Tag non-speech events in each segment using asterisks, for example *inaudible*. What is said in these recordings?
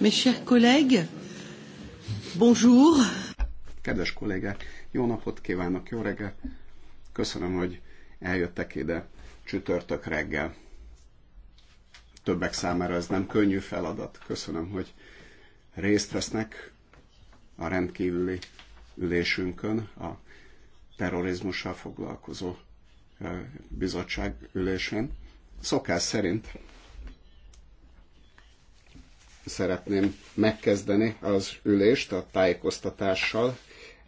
Mes chers collègues, bonjour. Kedves kollégák, jó napot kívánok, jó reggel. Köszönöm, hogy eljöttek ide csütörtök reggel. Többek számára ez nem könnyű feladat. Köszönöm, hogy részt vesznek a rendkívüli ülésünkön, a terrorizmussal foglalkozó bizottság ülésén. Szokás szerint szeretném megkezdeni az ülést a tájékoztatással,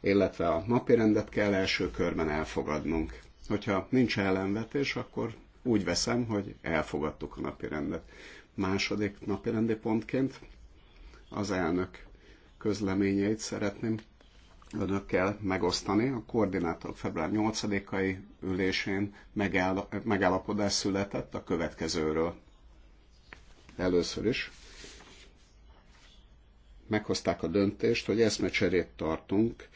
illetve a napirendet kell első körben elfogadnunk. Hogyha nincs ellenvetés, akkor úgy veszem, hogy elfogadtuk a napirendet. Második napirendi pontként az elnök közleményeit szeretném önökkel megosztani. A koordinátor február 8-ai ülésén megállapodás született a következőről. Először is meghozták a döntést, hogy eszmecserét tartunk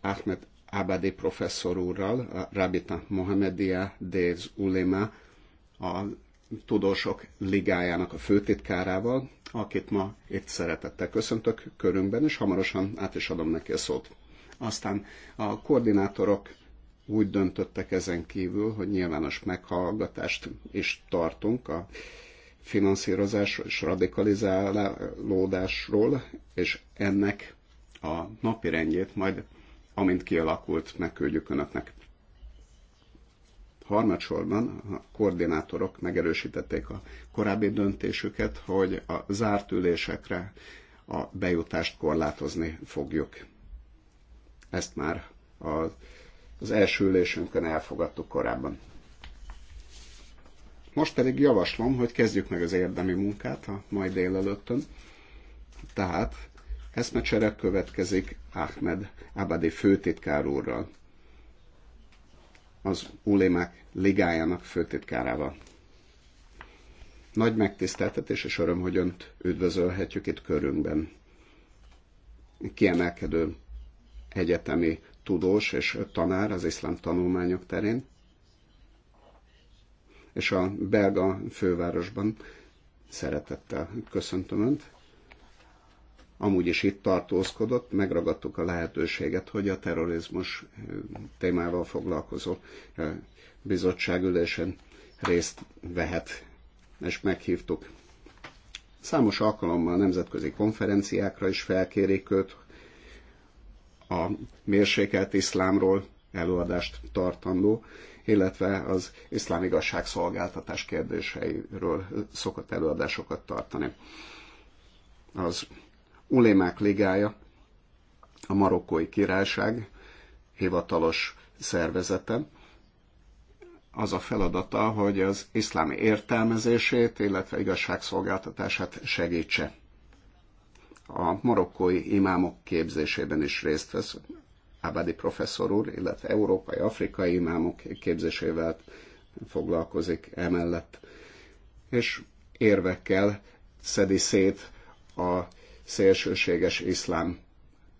Ahmed Abadi professzor úrral, Rabita Mohamedia Déz Ulema, a Tudósok Ligájának a főtitkárával, akit ma itt szeretettel köszöntök körünkben, és hamarosan át is adom neki a szót. Aztán a koordinátorok úgy döntöttek ezen kívül, hogy nyilvános meghallgatást is tartunk a finanszírozásról és radikalizálódásról, és ennek a napi rendjét majd, amint kialakult, megküldjük Önöknek. Harmadsorban a koordinátorok megerősítették a korábbi döntésüket, hogy a zárt ülésekre a bejutást korlátozni fogjuk. Ezt már az első ülésünkön elfogadtuk korábban. Most pedig javaslom, hogy kezdjük meg az érdemi munkát a mai délelőttön. Tehát eszmecsere következik Ahmed Abadi főtitkár úrral, az Ulémák Ligájának főtitkárával. Nagy megtiszteltetés és öröm, hogy Önt üdvözölhetjük itt körünkben. Kiemelkedő egyetemi tudós és tanár az iszlám tanulmányok terén, és a belga fővárosban szeretettel köszöntöm Önt amúgy is itt tartózkodott, megragadtuk a lehetőséget, hogy a terrorizmus eh, témával foglalkozó eh, bizottság részt vehet, és meghívtuk. Számos alkalommal nemzetközi konferenciákra is felkérik őt, a mérsékelt iszlámról előadást tartandó, illetve az iszlám igazságszolgáltatás kérdéseiről szokott előadásokat tartani. Az Ulémák Ligája, a marokkói királyság hivatalos szervezete, az a feladata, hogy az iszlám értelmezését, illetve igazságszolgáltatását segítse. A marokkói imámok képzésében is részt vesz Abadi professzor úr, illetve európai, afrikai imámok képzésével foglalkozik emellett, és érvekkel szedi szét a szélsőséges iszlám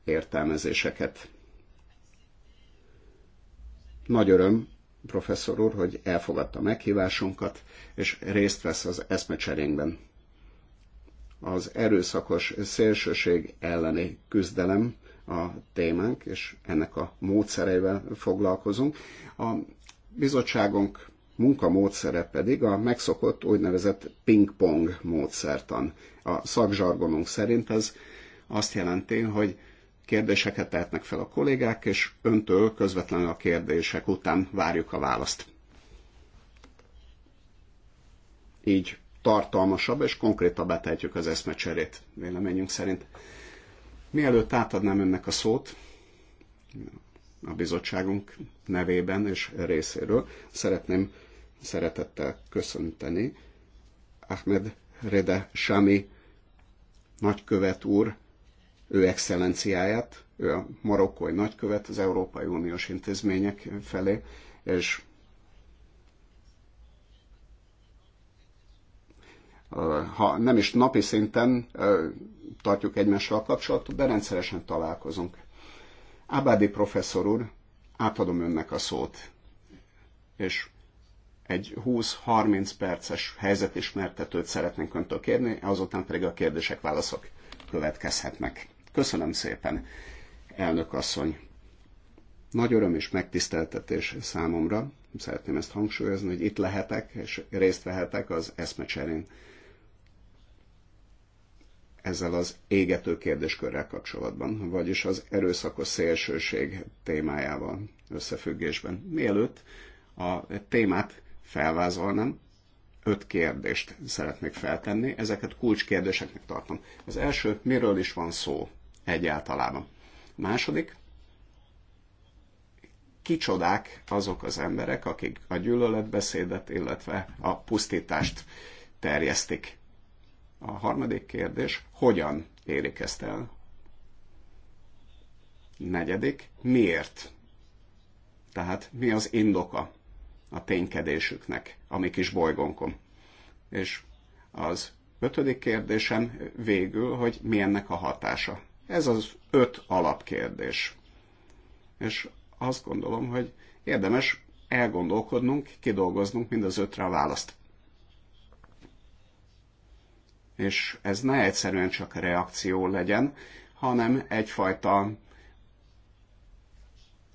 értelmezéseket. Nagy öröm, professzor úr, hogy elfogadta meghívásunkat, és részt vesz az eszmecserénkben. Az erőszakos szélsőség elleni küzdelem a témánk, és ennek a módszereivel foglalkozunk. A bizottságunk munkamódszere pedig a megszokott úgynevezett ping-pong módszertan. A szakzsargonunk szerint ez azt jelenti, hogy kérdéseket tehetnek fel a kollégák, és öntől közvetlenül a kérdések után várjuk a választ. Így tartalmasabb és konkrétabbá tehetjük az eszmecserét, véleményünk szerint. Mielőtt átadnám önnek a szót, a bizottságunk nevében és részéről szeretném szeretettel köszönteni Ahmed Reda Sami nagykövet úr, ő excellenciáját, ő a marokkói nagykövet az Európai Uniós intézmények felé, és ha nem is napi szinten tartjuk egymással a kapcsolatot, de rendszeresen találkozunk. Ábádi professzor úr, átadom önnek a szót, és egy 20-30 perces helyzetismertetőt szeretnénk öntől kérni, azután pedig a kérdések, válaszok következhetnek. Köszönöm szépen, elnök asszony. Nagy öröm és megtiszteltetés számomra, szeretném ezt hangsúlyozni, hogy itt lehetek és részt vehetek az eszmecserén ezzel az égető kérdéskörrel kapcsolatban, vagyis az erőszakos szélsőség témájával összefüggésben. Mielőtt a témát felvázolnám. Öt kérdést szeretnék feltenni, ezeket kulcskérdéseknek tartom. Az első, miről is van szó egyáltalában. A második, kicsodák azok az emberek, akik a gyűlöletbeszédet, illetve a pusztítást terjesztik. A harmadik kérdés, hogyan érik ezt el? Negyedik, miért? Tehát mi az indoka a ténykedésüknek a mi kis bolygónkon. És az ötödik kérdésem végül, hogy mi ennek a hatása. Ez az öt alapkérdés. És azt gondolom, hogy érdemes elgondolkodnunk, kidolgoznunk mind az ötre a választ. És ez ne egyszerűen csak reakció legyen, hanem egyfajta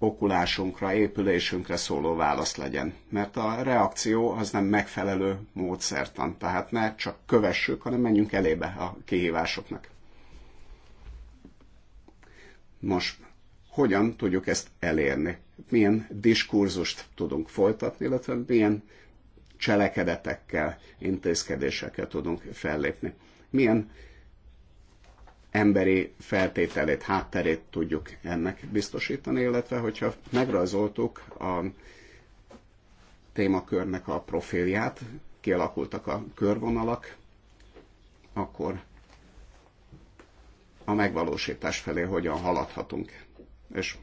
okulásunkra, épülésünkre szóló válasz legyen. Mert a reakció az nem megfelelő módszertan, tehát ne csak kövessük, hanem menjünk elébe a kihívásoknak. Most hogyan tudjuk ezt elérni? Milyen diskurzust tudunk folytatni, illetve milyen cselekedetekkel, intézkedésekkel tudunk fellépni? Milyen emberi feltételét, hátterét tudjuk ennek biztosítani, illetve hogyha megrajzoltuk a témakörnek a profilját, kialakultak a körvonalak, akkor a megvalósítás felé hogyan haladhatunk. És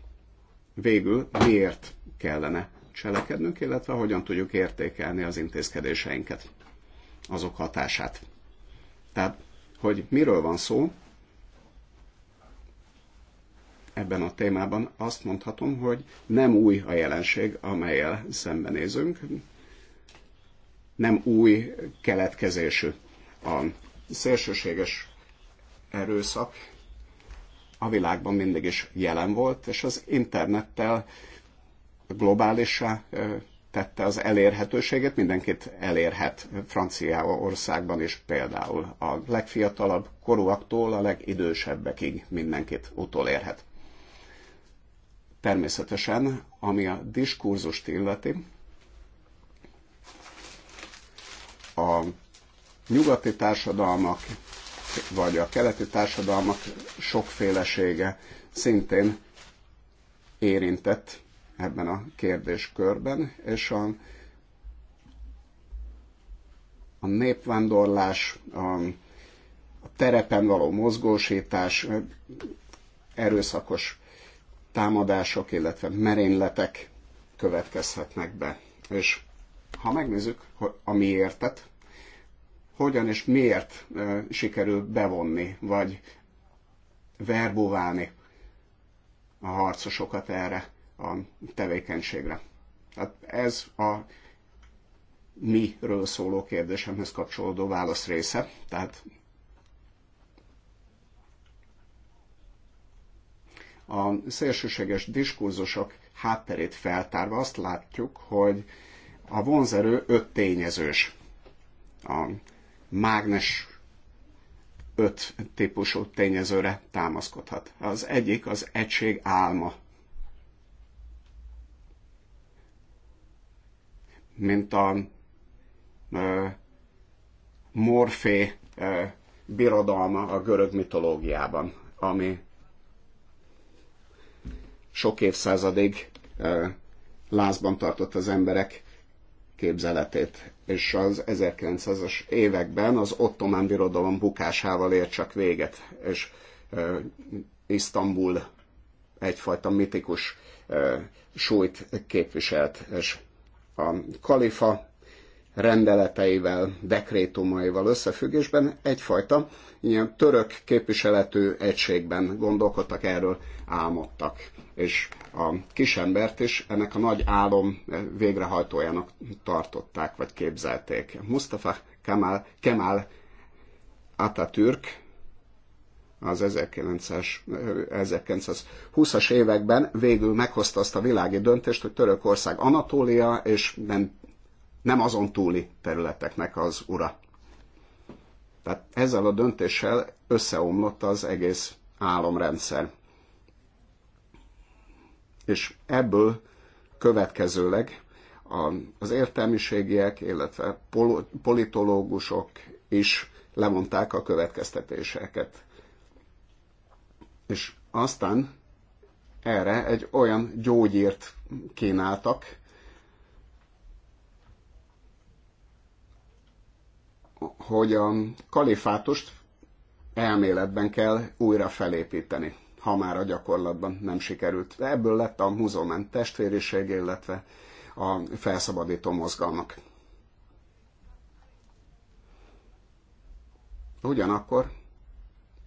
végül miért kellene cselekednünk, illetve hogyan tudjuk értékelni az intézkedéseinket, azok hatását. Tehát, hogy miről van szó, ebben a témában azt mondhatom, hogy nem új a jelenség, amelyel szembenézünk, nem új keletkezésű. A szélsőséges erőszak a világban mindig is jelen volt, és az internettel globálisá tette az elérhetőséget, mindenkit elérhet Franciaországban is például. A legfiatalabb korúaktól a legidősebbekig mindenkit utolérhet. Természetesen, ami a diskurzust illeti, a nyugati társadalmak vagy a keleti társadalmak sokfélesége szintén érintett ebben a kérdéskörben, és a, a népvándorlás, a, a terepen való mozgósítás, erőszakos támadások, illetve merényletek következhetnek be. És ha megnézzük a miértet, hogyan és miért sikerül bevonni, vagy verbuválni a harcosokat erre a tevékenységre. Tehát ez a miről szóló kérdésemhez kapcsolódó válasz része, tehát a szélsőséges diskurzusok hátterét feltárva azt látjuk, hogy a vonzerő öt tényezős. A mágnes öt típusú tényezőre támaszkodhat. Az egyik az egység álma. Mint a ö, Morfé ö, birodalma a görög mitológiában, ami sok évszázadig lázban tartott az emberek képzeletét, és az 1900-as években az ottomán birodalom bukásával ért csak véget, és Isztambul egyfajta mitikus súlyt képviselt, és a kalifa rendeleteivel, dekrétumaival összefüggésben egyfajta ilyen török képviseletű egységben gondolkodtak erről, álmodtak és a kisembert is ennek a nagy álom végrehajtójának tartották, vagy képzelték. Mustafa Kemal, Kemal Atatürk az 1920-as években végül meghozta azt a világi döntést, hogy Törökország Anatólia és nem, nem azon túli területeknek az ura. Tehát ezzel a döntéssel összeomlott az egész álomrendszer. És ebből következőleg az értelmiségiek, illetve politológusok is levonták a következtetéseket. És aztán erre egy olyan gyógyírt kínáltak, hogy a kalifátust elméletben kell újra felépíteni ha már a gyakorlatban nem sikerült. Ebből lett a muzulmán testvériség, illetve a felszabadító mozgalmak. Ugyanakkor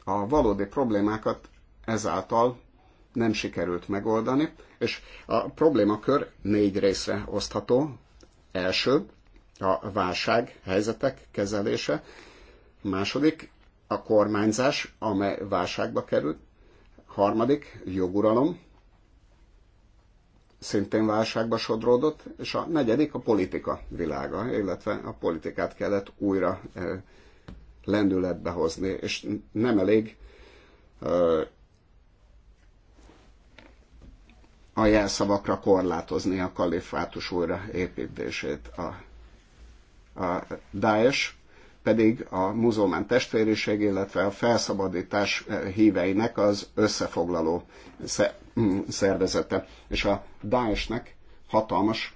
a valódi problémákat ezáltal nem sikerült megoldani, és a problémakör négy részre osztható. Első, a válság helyzetek kezelése. Második, a kormányzás, amely válságba került. Harmadik, joguralom, szintén válságba sodródott, és a negyedik a politika világa, illetve a politikát kellett újra lendületbe hozni, és nem elég a jelszavakra korlátozni a kalifátus újraépítését. A, a Daesh pedig a muzulmán testvériség, illetve a felszabadítás híveinek az összefoglaló mm, szervezete. És a Daesh-nek hatalmas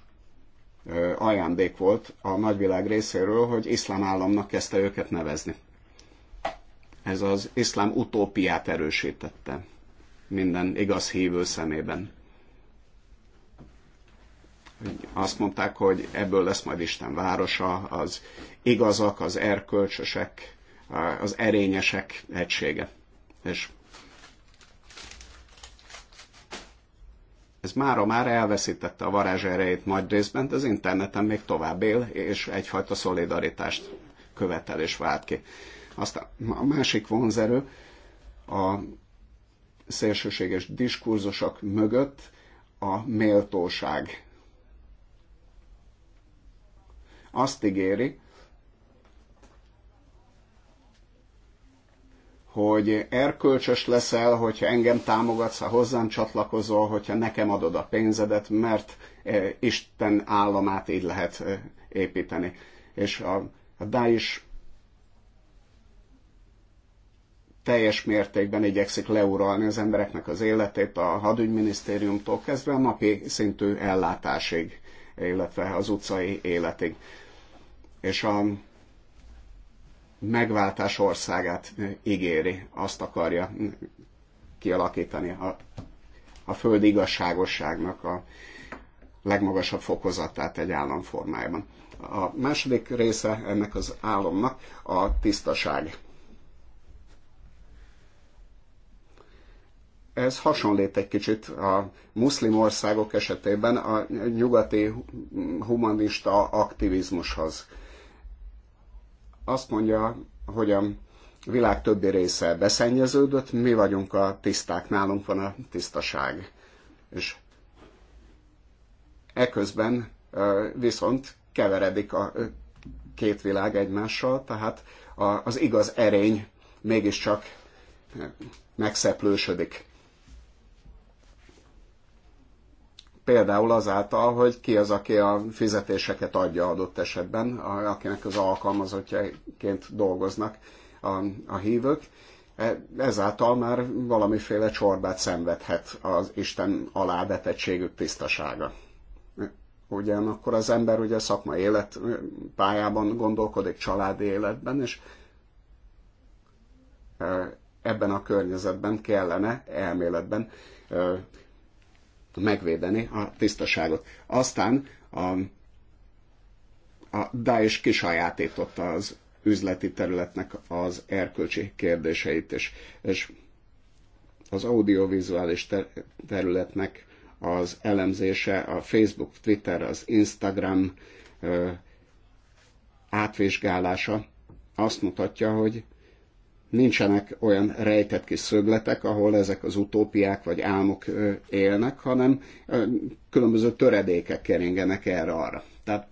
ajándék volt a nagyvilág részéről, hogy iszlám államnak kezdte őket nevezni. Ez az iszlám utópiát erősítette minden igaz hívő szemében azt mondták, hogy ebből lesz majd Isten városa, az igazak, az erkölcsösek, az erényesek egysége. És ez mára már elveszítette a erejét nagy részben, de az interneten még tovább él, és egyfajta szolidaritást követel és vált ki. Aztán a másik vonzerő a szélsőséges diskurzusok mögött a méltóság azt ígéri, hogy erkölcsös leszel, hogyha engem támogatsz, ha hozzám csatlakozol, hogyha nekem adod a pénzedet, mert e, Isten államát így lehet e, építeni. És a, a is teljes mértékben igyekszik leuralni az embereknek az életét a hadügyminisztériumtól kezdve a napi szintű ellátásig illetve az utcai életig. És a megváltás országát ígéri, azt akarja kialakítani a, a föld igazságosságnak a legmagasabb fokozatát egy államformájában. A második része ennek az álomnak a tisztaság Ez hasonlít egy kicsit a muszlim országok esetében a nyugati humanista aktivizmushoz. Azt mondja, hogy a világ többi része beszennyeződött, mi vagyunk a tiszták, nálunk van a tisztaság. És eközben viszont keveredik a két világ egymással, tehát az igaz erény mégiscsak megszeplősödik. Például azáltal, hogy ki az, aki a fizetéseket adja adott esetben, akinek az alkalmazottjaként dolgoznak a, a hívők. E, ezáltal már valamiféle csorbát szenvedhet az Isten alávetettségük tisztasága. Ugyanakkor az ember ugye szakmai élet pályában gondolkodik, családi életben, és e, ebben a környezetben kellene elméletben e, megvédeni a tisztaságot. Aztán a, a Daesh kisajátította az üzleti területnek az erkölcsi kérdéseit, és, és az audiovizuális ter, területnek az elemzése, a Facebook, Twitter, az Instagram ö, átvizsgálása azt mutatja, hogy nincsenek olyan rejtett kis szögletek, ahol ezek az utópiák vagy álmok élnek, hanem különböző töredékek keringenek erre-arra. Tehát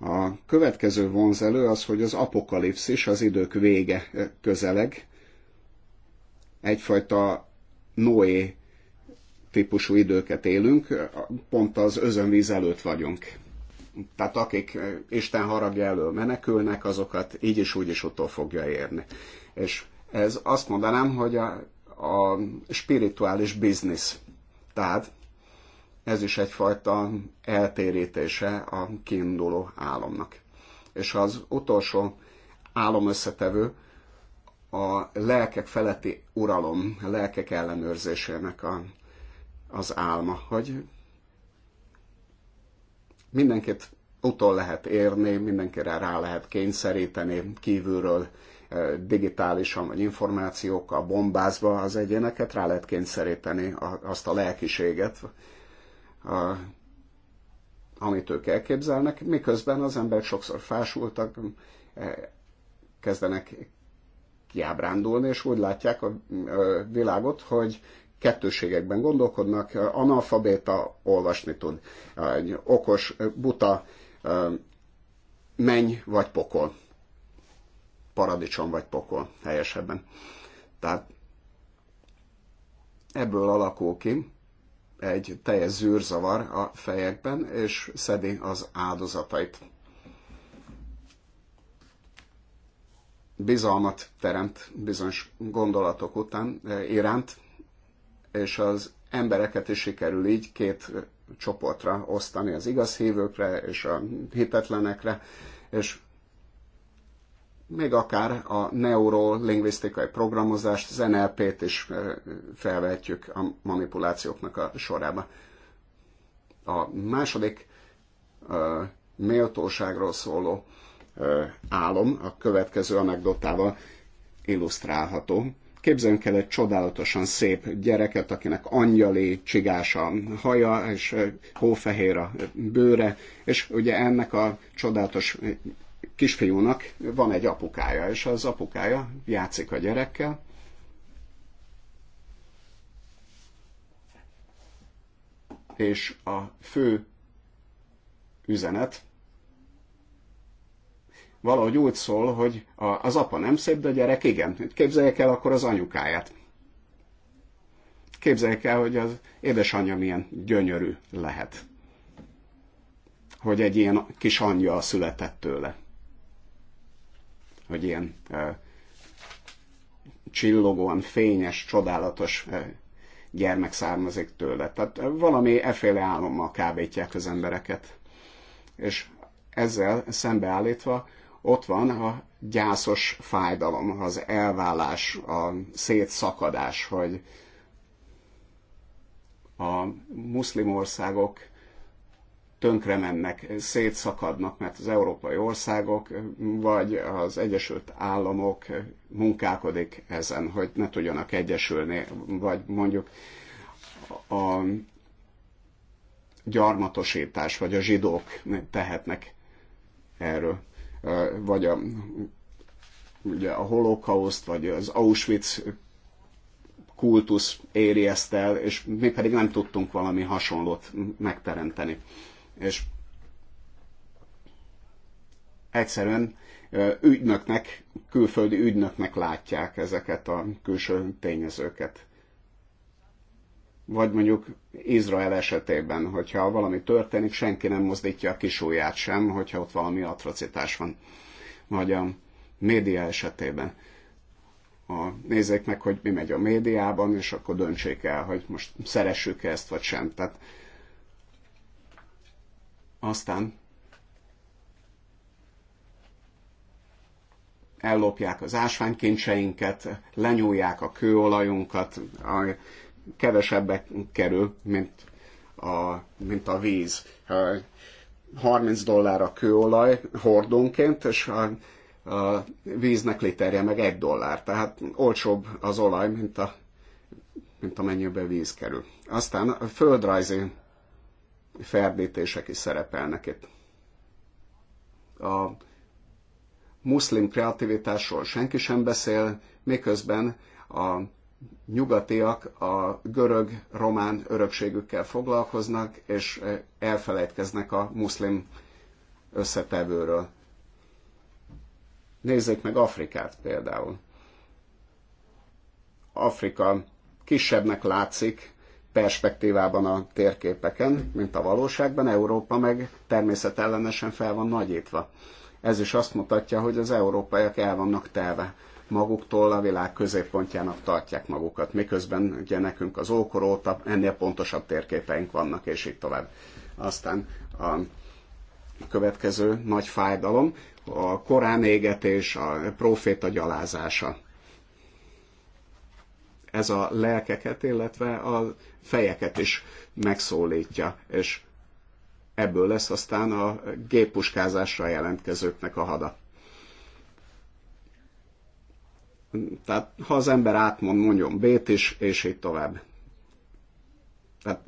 a következő vonzelő az, hogy az apokalipszis, az idők vége közeleg, egyfajta Noé típusú időket élünk, pont az özönvíz előtt vagyunk tehát akik eh, Isten haragja elől menekülnek, azokat így is úgy is utol fogja érni. És ez azt mondanám, hogy a, a spirituális biznisz. Tehát ez is egyfajta eltérítése a kiinduló álomnak. És az utolsó álom összetevő a lelkek feletti uralom, a lelkek ellenőrzésének a, az álma, hogy mindenkit utol lehet érni, mindenkire rá lehet kényszeríteni kívülről, eh, digitálisan vagy információkkal bombázva az egyéneket, rá lehet kényszeríteni azt a lelkiséget, amit ők elképzelnek, miközben az emberek sokszor fásultak, eh, kezdenek kiábrándulni, és úgy látják a világot, hogy kettőségekben gondolkodnak, analfabéta olvasni tud, okos, buta, menny vagy pokol, paradicsom vagy pokol helyesebben. Tehát ebből alakul ki egy teljes zűrzavar a fejekben, és szedi az áldozatait. Bizalmat teremt bizonyos gondolatok után eh, iránt, és az embereket is sikerül így két csoportra osztani, az igaz hívőkre és a hitetlenekre, és még akár a neurolingvisztikai programozást, az NLP-t is felvetjük a manipulációknak a sorába. A második uh, méltóságról szóló uh, álom a következő anekdotával illusztrálható. Képzeljünk el egy csodálatosan szép gyereket, akinek angyali csigás a haja, és hófehér a bőre, és ugye ennek a csodálatos kisfiúnak van egy apukája, és az apukája játszik a gyerekkel, és a fő üzenet valahogy úgy szól, hogy az apa nem szép, de a gyerek igen. Képzeljék el akkor az anyukáját. Képzeljék el, hogy az édesanyja milyen gyönyörű lehet. Hogy egy ilyen kis anyja született tőle. Hogy ilyen e, csillogóan, fényes, csodálatos e, gyermek származik tőle. Tehát valami eféle álommal kábítják az embereket. És ezzel szembeállítva ott van a gyászos fájdalom, az elvállás, a szétszakadás, hogy a muszlim országok tönkre mennek, szétszakadnak, mert az európai országok vagy az Egyesült Államok munkálkodik ezen, hogy ne tudjanak egyesülni, vagy mondjuk a gyarmatosítás, vagy a zsidók tehetnek erről vagy a, ugye a holokauszt, vagy az Auschwitz kultusz éri ezt el, és mi pedig nem tudtunk valami hasonlót megteremteni. És egyszerűen ügynöknek, külföldi ügynöknek látják ezeket a külső tényezőket vagy mondjuk Izrael esetében, hogyha valami történik, senki nem mozdítja a kisúját sem, hogyha ott valami atrocitás van. Vagy a média esetében. A, nézzék meg, hogy mi megy a médiában, és akkor döntsék el, hogy most szeressük -e ezt, vagy sem. Tehát aztán ellopják az ásványkincseinket, lenyúlják a kőolajunkat, a kevesebbe kerül, mint a, mint a víz. 30 dollár a kőolaj hordónként, és a, a víznek literje meg 1 dollár. Tehát olcsóbb az olaj, mint, a, mint amennyibe víz kerül. Aztán a földrajzi ferdítések is szerepelnek itt. A muszlim kreativitásról senki sem beszél, miközben a nyugatiak a görög-román örökségükkel foglalkoznak, és elfelejtkeznek a muszlim összetevőről. Nézzék meg Afrikát például. Afrika kisebbnek látszik perspektívában a térképeken, mint a valóságban, Európa meg természetellenesen fel van nagyítva. Ez is azt mutatja, hogy az európaiak el vannak telve maguktól a világ középpontjának tartják magukat, miközben ugye nekünk az ókor óta ennél pontosabb térképeink vannak, és így tovább. Aztán a következő nagy fájdalom, a korán égetés, a proféta gyalázása. Ez a lelkeket, illetve a fejeket is megszólítja, és ebből lesz aztán a géppuskázásra jelentkezőknek a hada. Tehát ha az ember átmond, mondjon B-t is, és így tovább. Tehát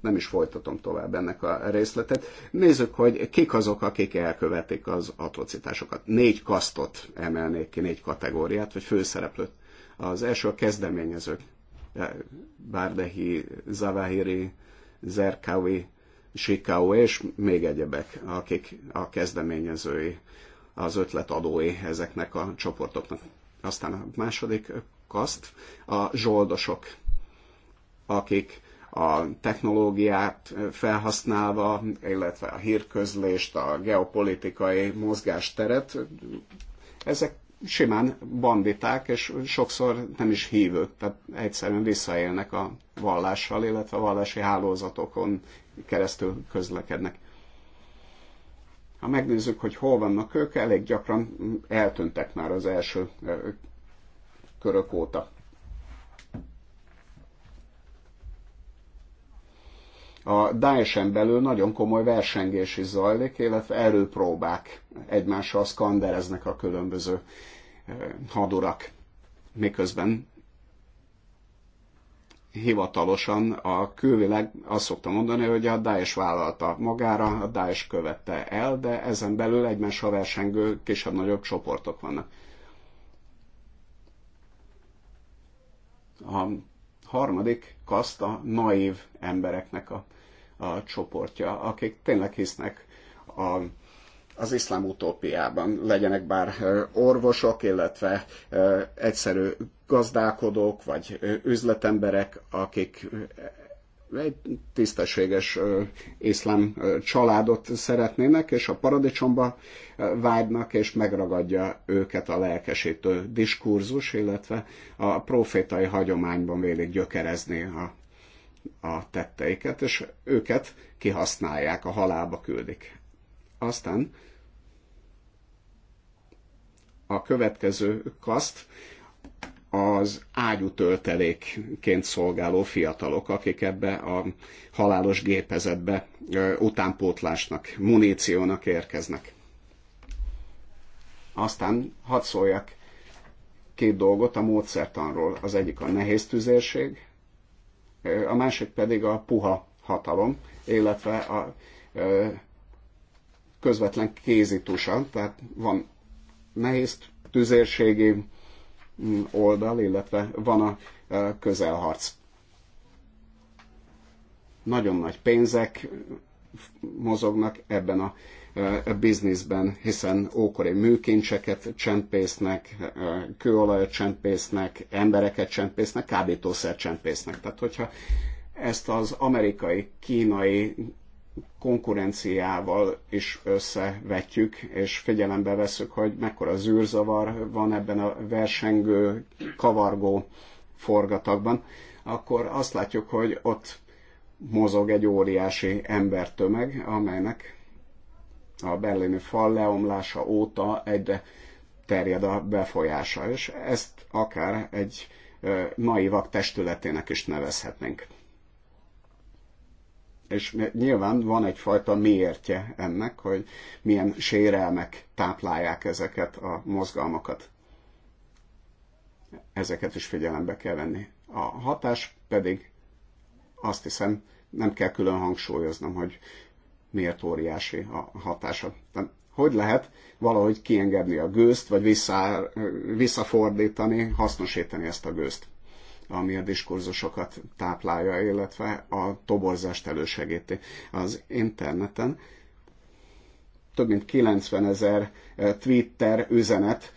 nem is folytatom tovább ennek a részletet. Nézzük, hogy kik azok, akik elkövetik az atrocitásokat. Négy kasztot emelnék ki, négy kategóriát, vagy főszereplőt. Az első a kezdeményezők. Bárdehi, Zavahiri, Zerkawi, Sikau és még egyebek, akik a kezdeményezői, az ötletadói ezeknek a csoportoknak. Aztán a második kaszt a zsoldosok, akik a technológiát felhasználva, illetve a hírközlést, a geopolitikai mozgásteret, ezek simán banditák, és sokszor nem is hívők, tehát egyszerűen visszaélnek a vallással, illetve a vallási hálózatokon keresztül közlekednek. Ha megnézzük, hogy hol vannak ők, elég gyakran eltöntek már az első körök óta. a Daesh-en belül nagyon komoly versengés is zajlik, illetve erőpróbák egymással szkandereznek a különböző hadurak, miközben hivatalosan a külvileg azt szokta mondani, hogy a Daesh vállalta magára, a Daesh követte el, de ezen belül a versengő kisebb-nagyobb csoportok vannak. A harmadik kaszt a naív embereknek a, a csoportja, akik tényleg hisznek a az iszlám utópiában legyenek bár orvosok, illetve egyszerű gazdálkodók vagy üzletemberek, akik egy tisztességes iszlám családot szeretnének, és a paradicsomba vágynak, és megragadja őket a lelkesítő diskurzus, illetve a profétai hagyományban vélik gyökerezni a, a tetteiket, és őket kihasználják, a halába küldik aztán a következő kaszt az töltelékként szolgáló fiatalok, akik ebbe a halálos gépezetbe utánpótlásnak, muníciónak érkeznek. Aztán hadd szóljak két dolgot a módszertanról. Az egyik a nehéz tüzérség, a másik pedig a puha hatalom, illetve a közvetlen kézítusa, tehát van nehéz tüzérségi mm, oldal, illetve van a e, közelharc. Nagyon nagy pénzek mozognak ebben a a e, e bizniszben, hiszen ókori műkincseket csempésznek, kőolajat csempésznek, embereket csempésznek, kábítószer csempésznek. Tehát, hogyha ezt az amerikai, kínai, konkurenciával is összevetjük, és figyelembe veszük, hogy mekkora zűrzavar van ebben a versengő, kavargó forgatagban, akkor azt látjuk, hogy ott mozog egy óriási embertömeg, amelynek a berlini fal leomlása óta egyre terjed a befolyása, és ezt akár egy naivak testületének is nevezhetnénk. És nyilván van egyfajta miértje ennek, hogy milyen sérelmek táplálják ezeket a mozgalmakat. Ezeket is figyelembe kell venni. A hatás pedig azt hiszem nem kell külön hangsúlyoznom, hogy miért óriási a hatása. De hogy lehet valahogy kiengedni a gőzt, vagy vissza, visszafordítani, hasznosítani ezt a gőzt? ami a diskurzusokat táplálja, illetve a toborzást elősegíti. Az interneten több mint 90 ezer eh, Twitter üzenet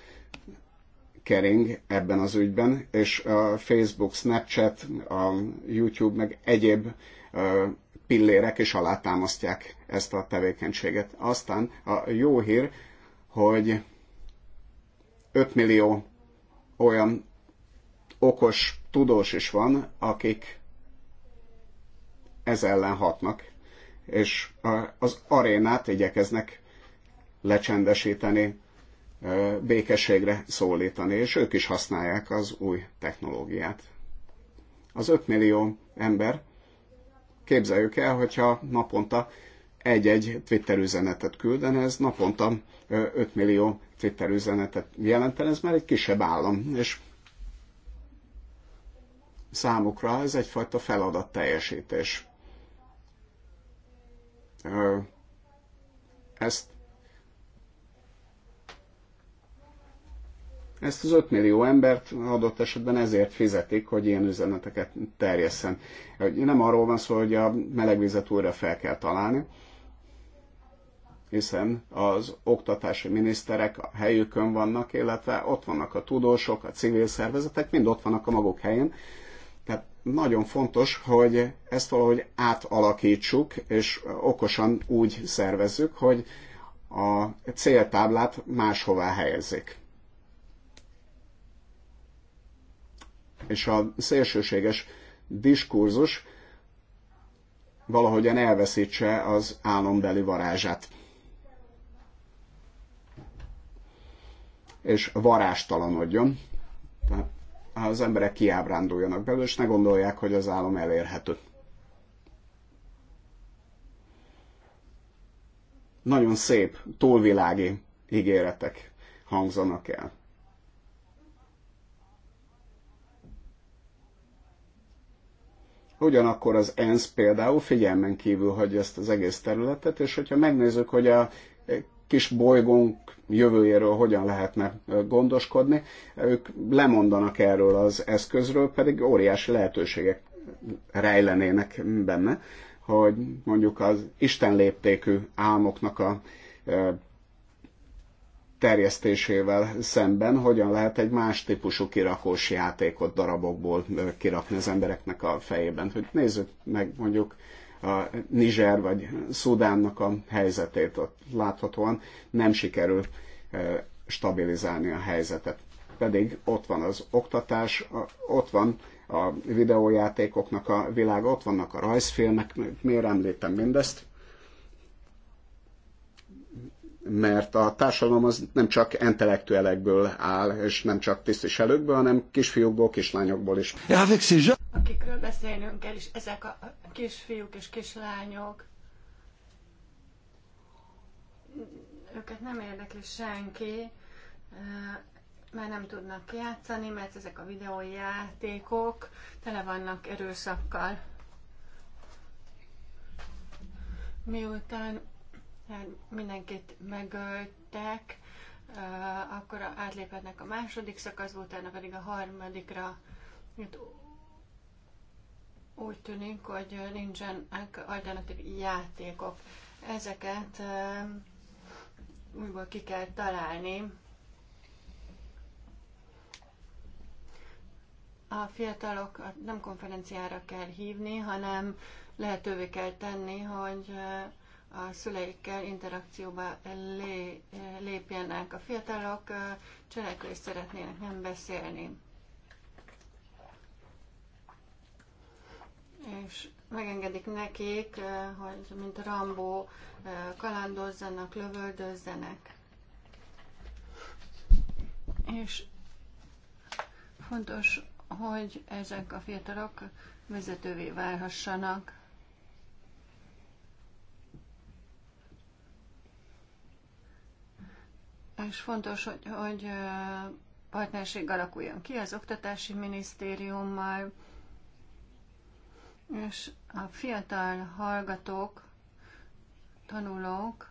kering ebben az ügyben, és a Facebook, Snapchat, a YouTube, meg egyéb eh, pillérek is alátámasztják ezt a tevékenységet. Aztán a jó hír, hogy 5 millió olyan okos tudós is van, akik ez ellen hatnak, és az arénát igyekeznek lecsendesíteni, békességre szólítani, és ők is használják az új technológiát. Az 5 millió ember, képzeljük el, hogyha naponta egy-egy Twitter üzenetet küldene, ez naponta 5 millió Twitter üzenetet jelenten, ez már egy kisebb állam, és számukra ez egyfajta teljesítés. Ezt ezt az 5 millió embert adott esetben ezért fizetik, hogy ilyen üzeneteket terjesszen. Nem arról van szó, hogy a melegvizet újra fel kell találni, hiszen az oktatási miniszterek a helyükön vannak, illetve ott vannak a tudósok, a civil szervezetek, mind ott vannak a maguk helyén, nagyon fontos, hogy ezt valahogy átalakítsuk, és okosan úgy szervezzük, hogy a céltáblát máshová helyezik. És a szélsőséges diskurzus valahogyan elveszítse az álombeli varázsát. És varástalanodjon. Tehát az emberek kiábránduljanak belőle, és ne gondolják, hogy az álom elérhető. Nagyon szép, túlvilági ígéretek hangzanak el. Ugyanakkor az ENSZ például figyelmen kívül hagyja ezt az egész területet, és hogyha megnézzük, hogy a kis bolygónk jövőjéről hogyan lehetne gondoskodni. Ők lemondanak erről az eszközről, pedig óriási lehetőségek rejlenének benne, hogy mondjuk az Isten léptékű álmoknak a terjesztésével szemben hogyan lehet egy más típusú kirakós játékot darabokból kirakni az embereknek a fejében. Hogy nézzük meg mondjuk a Niger vagy Szudánnak a helyzetét. Ott láthatóan nem sikerül e, stabilizálni a helyzetet. Pedig ott van az oktatás, ott van a videójátékoknak a világ, ott vannak a rajzfilmek, miért említem mindezt? Mert a társadalom az nem csak intellektuelekből áll, és nem csak tisztviselőkből, hanem kisfiúkból, kislányokból is akikről beszélnünk kell, és ezek a kisfiúk és kislányok, őket nem érdekli senki, mert nem tudnak játszani, mert ezek a videójátékok tele vannak erőszakkal. Miután mindenkit megöltek, akkor átléphetnek a második szakaszba, utána pedig a harmadikra úgy tűnik, hogy nincsenek alternatív játékok. Ezeket újból ki kell találni. A fiatalokat nem konferenciára kell hívni, hanem lehetővé kell tenni, hogy a szüleikkel interakcióba lépjenek. A fiatalok cselekvést szeretnének nem beszélni. és megengedik nekik, eh, hogy mint Rambó eh, kalandozzanak, lövöldözzenek. És fontos, hogy ezek a fiatalok vezetővé válhassanak. És fontos, hogy, hogy eh, partnerség alakuljon ki az oktatási minisztériummal, és a fiatal hallgatók, tanulók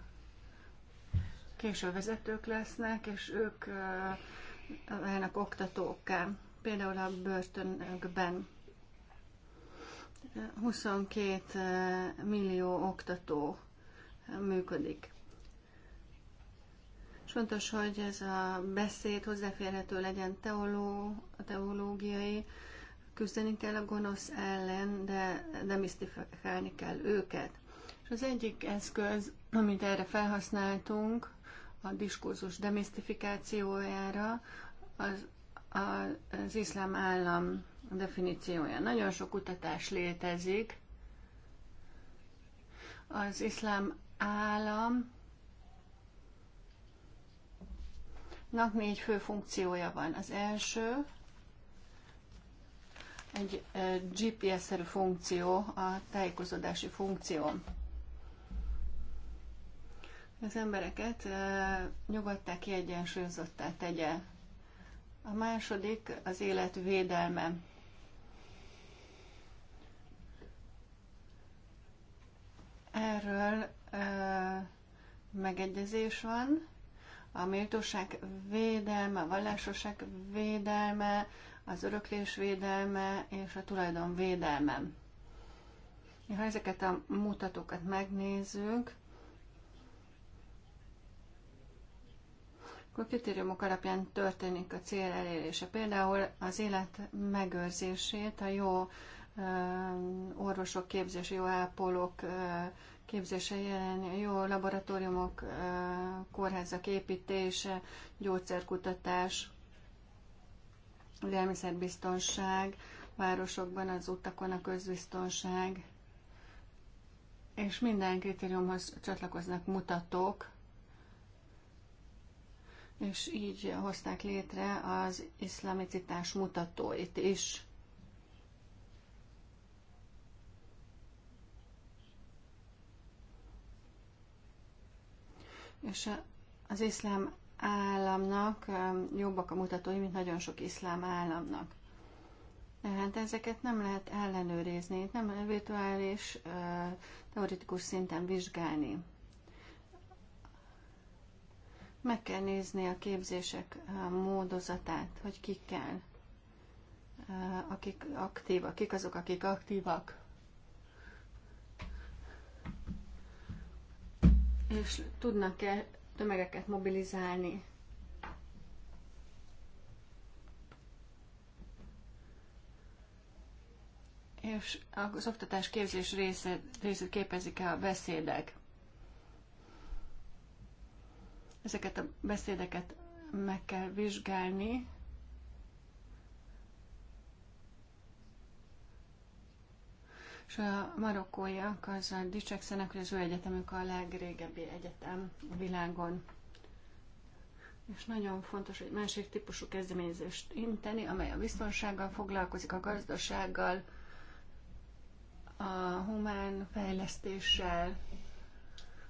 később vezetők lesznek, és ők válnak oktatókká, például a börtönökben. 22 millió oktató működik. fontos, hogy ez a beszéd hozzáférhető legyen teoló, teológiai, küzdeni kell a gonosz ellen, de demisztifikálni kell őket. És az egyik eszköz, amit erre felhasználtunk, a diskurzus demisztifikációjára, az, az iszlám állam definíciója. Nagyon sok kutatás létezik. Az iszlám állam négy fő funkciója van. Az első, egy GPS-szerű funkció, a tájékozódási funkció. Az embereket nyugodtá, kiegyensúlyozottá tegye. A második az élet védelme. Erről megegyezés van. A méltóság védelme, a vallásosság védelme, az öröklés védelme és a tulajdon védelme. Ha ezeket a mutatókat megnézzük, akkor kritériumok alapján történik a cél elérése. Például az élet megőrzését, a jó orvosok képzése, jó ápolók képzése jelenti, jó laboratóriumok, kórházak építése, gyógyszerkutatás, élmiszerbiztonság, városokban az utakon a közbiztonság, és minden kritériumhoz csatlakoznak mutatók, és így hozták létre az iszlamicitás mutatóit is. És az iszlám államnak jobbak a mutatói, mint nagyon sok iszlám államnak. Tehát ezeket nem lehet ellenőrizni, nem, nem virtuális, teoretikus szinten vizsgálni. Meg kell nézni a képzések módozatát, hogy ki kell, akik aktívak, kik azok, akik aktívak. És tudnak-e tömegeket mobilizálni. És az oktatás képzés részét, részét képezik a beszédek. Ezeket a beszédeket meg kell vizsgálni, és a marokkóiak azzal dicsekszenek, hogy az ő egyetemük a legrégebbi egyetem a világon. És nagyon fontos egy másik típusú kezdeményezést inteni, amely a biztonsággal foglalkozik, a gazdasággal, a humán fejlesztéssel,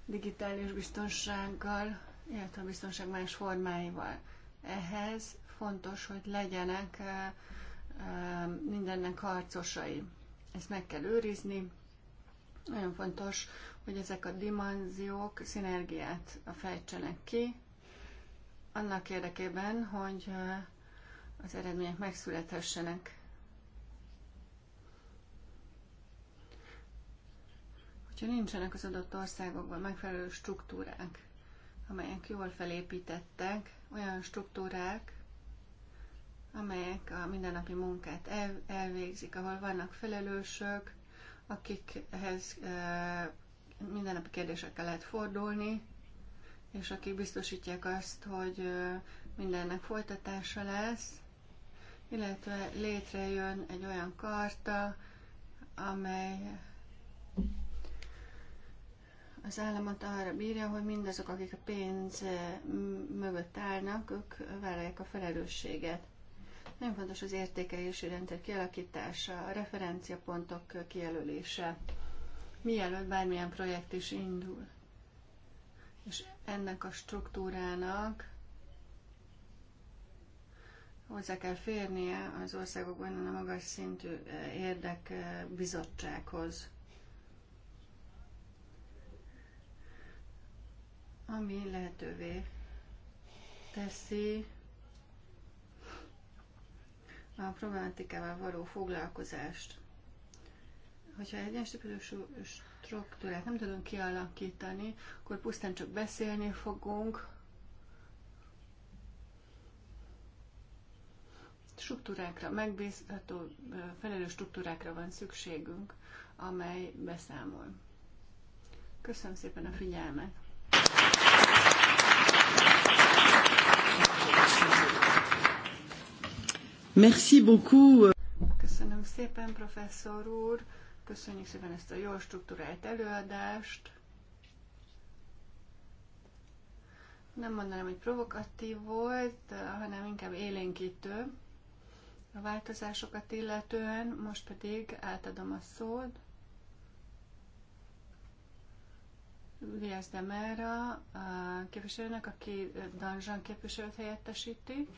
digitális biztonsággal, illetve a biztonság más formáival. Ehhez fontos, hogy legyenek mindennek harcosai. Ezt meg kell őrizni. Nagyon fontos, hogy ezek a dimenziók szinergiát fejtsenek ki, annak érdekében, hogy az eredmények megszülethessenek. Hogyha nincsenek az adott országokban megfelelő struktúrák, amelyek jól felépítettek, olyan struktúrák, amelyek a mindennapi munkát el, elvégzik, ahol vannak felelősök, akikhez e, mindennapi kérdésekkel lehet fordulni, és akik biztosítják azt, hogy e, mindennek folytatása lesz, illetve létrejön egy olyan karta, amely az államot arra bírja, hogy mindazok, akik a pénz mögött állnak, ők vállalják a felelősséget. Nagyon fontos az értékelési rendszer kialakítása, a referenciapontok kijelölése, mielőtt bármilyen projekt is indul. És ennek a struktúrának hozzá kell férnie az országokban a magas szintű eh, érdekbizottsághoz. Eh, Ami lehetővé teszi a problematikával való foglalkozást. Hogyha egy struktúrát nem tudunk kialakítani, akkor pusztán csak beszélni fogunk, struktúrákra, megbízható, felelős struktúrákra van szükségünk, amely beszámol. Köszönöm szépen a figyelmet! you. Merci beaucoup. Köszönöm szépen, professzor úr. Köszönjük szépen ezt a jól struktúrált előadást. Nem mondanám, hogy provokatív volt, hanem inkább élénkítő a változásokat illetően. Most pedig átadom a szót Vias Demera képviselőnek, aki Danzsán képviselőt helyettesíti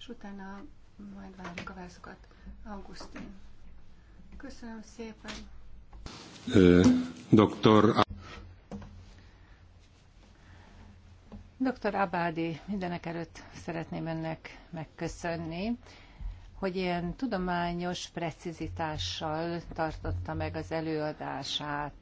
és utána majd várjuk a válaszokat. Augustin. Köszönöm szépen. Ö, doktor... Dr. Abádi, mindenek előtt szeretném önnek megköszönni hogy ilyen tudományos precizitással tartotta meg az előadását,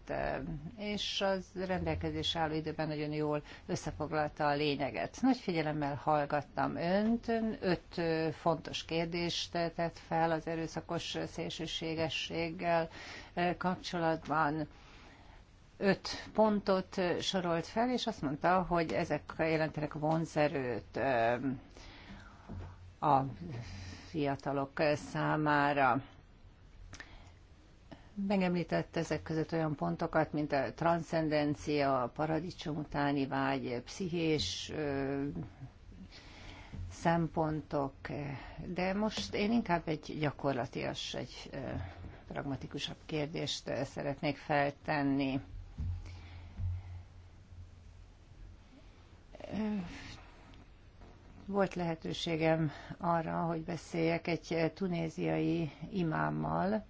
és az rendelkezés álló időben nagyon jól összefoglalta a lényeget. Nagy figyelemmel hallgattam önt, ön öt fontos kérdést tett fel az erőszakos szélsőségességgel kapcsolatban öt pontot sorolt fel, és azt mondta, hogy ezek jelentenek vonzerőt a fiatalok számára. Megemlített ezek között olyan pontokat, mint a transzendencia, a paradicsom utáni vágy, pszichés szempontok, de most én inkább egy gyakorlatias, egy pragmatikusabb kérdést szeretnék feltenni volt lehetőségem arra, hogy beszéljek egy tunéziai imámmal,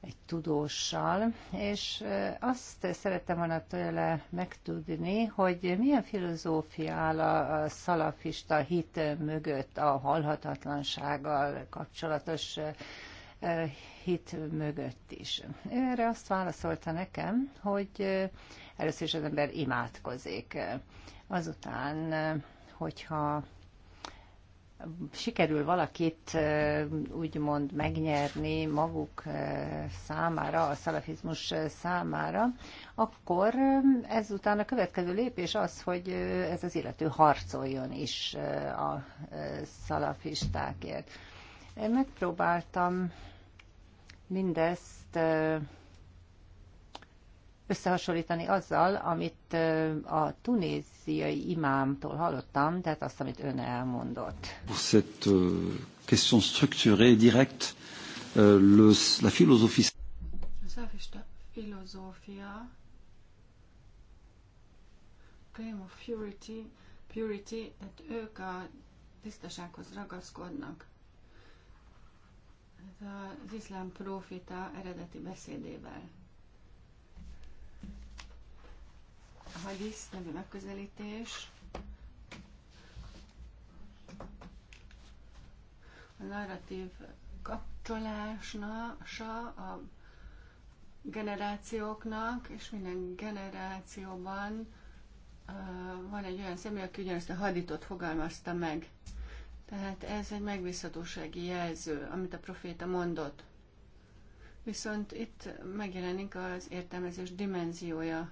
egy tudóssal, és azt szerettem volna tőle megtudni, hogy milyen filozófia áll a szalafista hit mögött, a halhatatlansággal kapcsolatos hit mögött is. Erre azt válaszolta nekem, hogy Először is az ember imádkozik. Azután, hogyha sikerül valakit úgymond megnyerni maguk számára, a szalafizmus számára, akkor ezután a következő lépés az, hogy ez az illető harcoljon is a szalafistákért. Én megpróbáltam mindezt összehasonlítani azzal, amit a tunéziai imámtól hallottam, tehát azt, amit ön elmondott. Cette euh, question structurée directe, euh, le, la philosophie... A filozófia, claim of purity, purity, tehát ők a tisztasághoz ragaszkodnak. Ez az iszlám profita eredeti beszédével. Haggis nevű megközelítés. A narratív kapcsolása a generációknak, és minden generációban van egy olyan személy, aki ugyanazt a haditot fogalmazta meg. Tehát ez egy megbízhatósági jelző, amit a proféta mondott. Viszont itt megjelenik az értelmezés dimenziója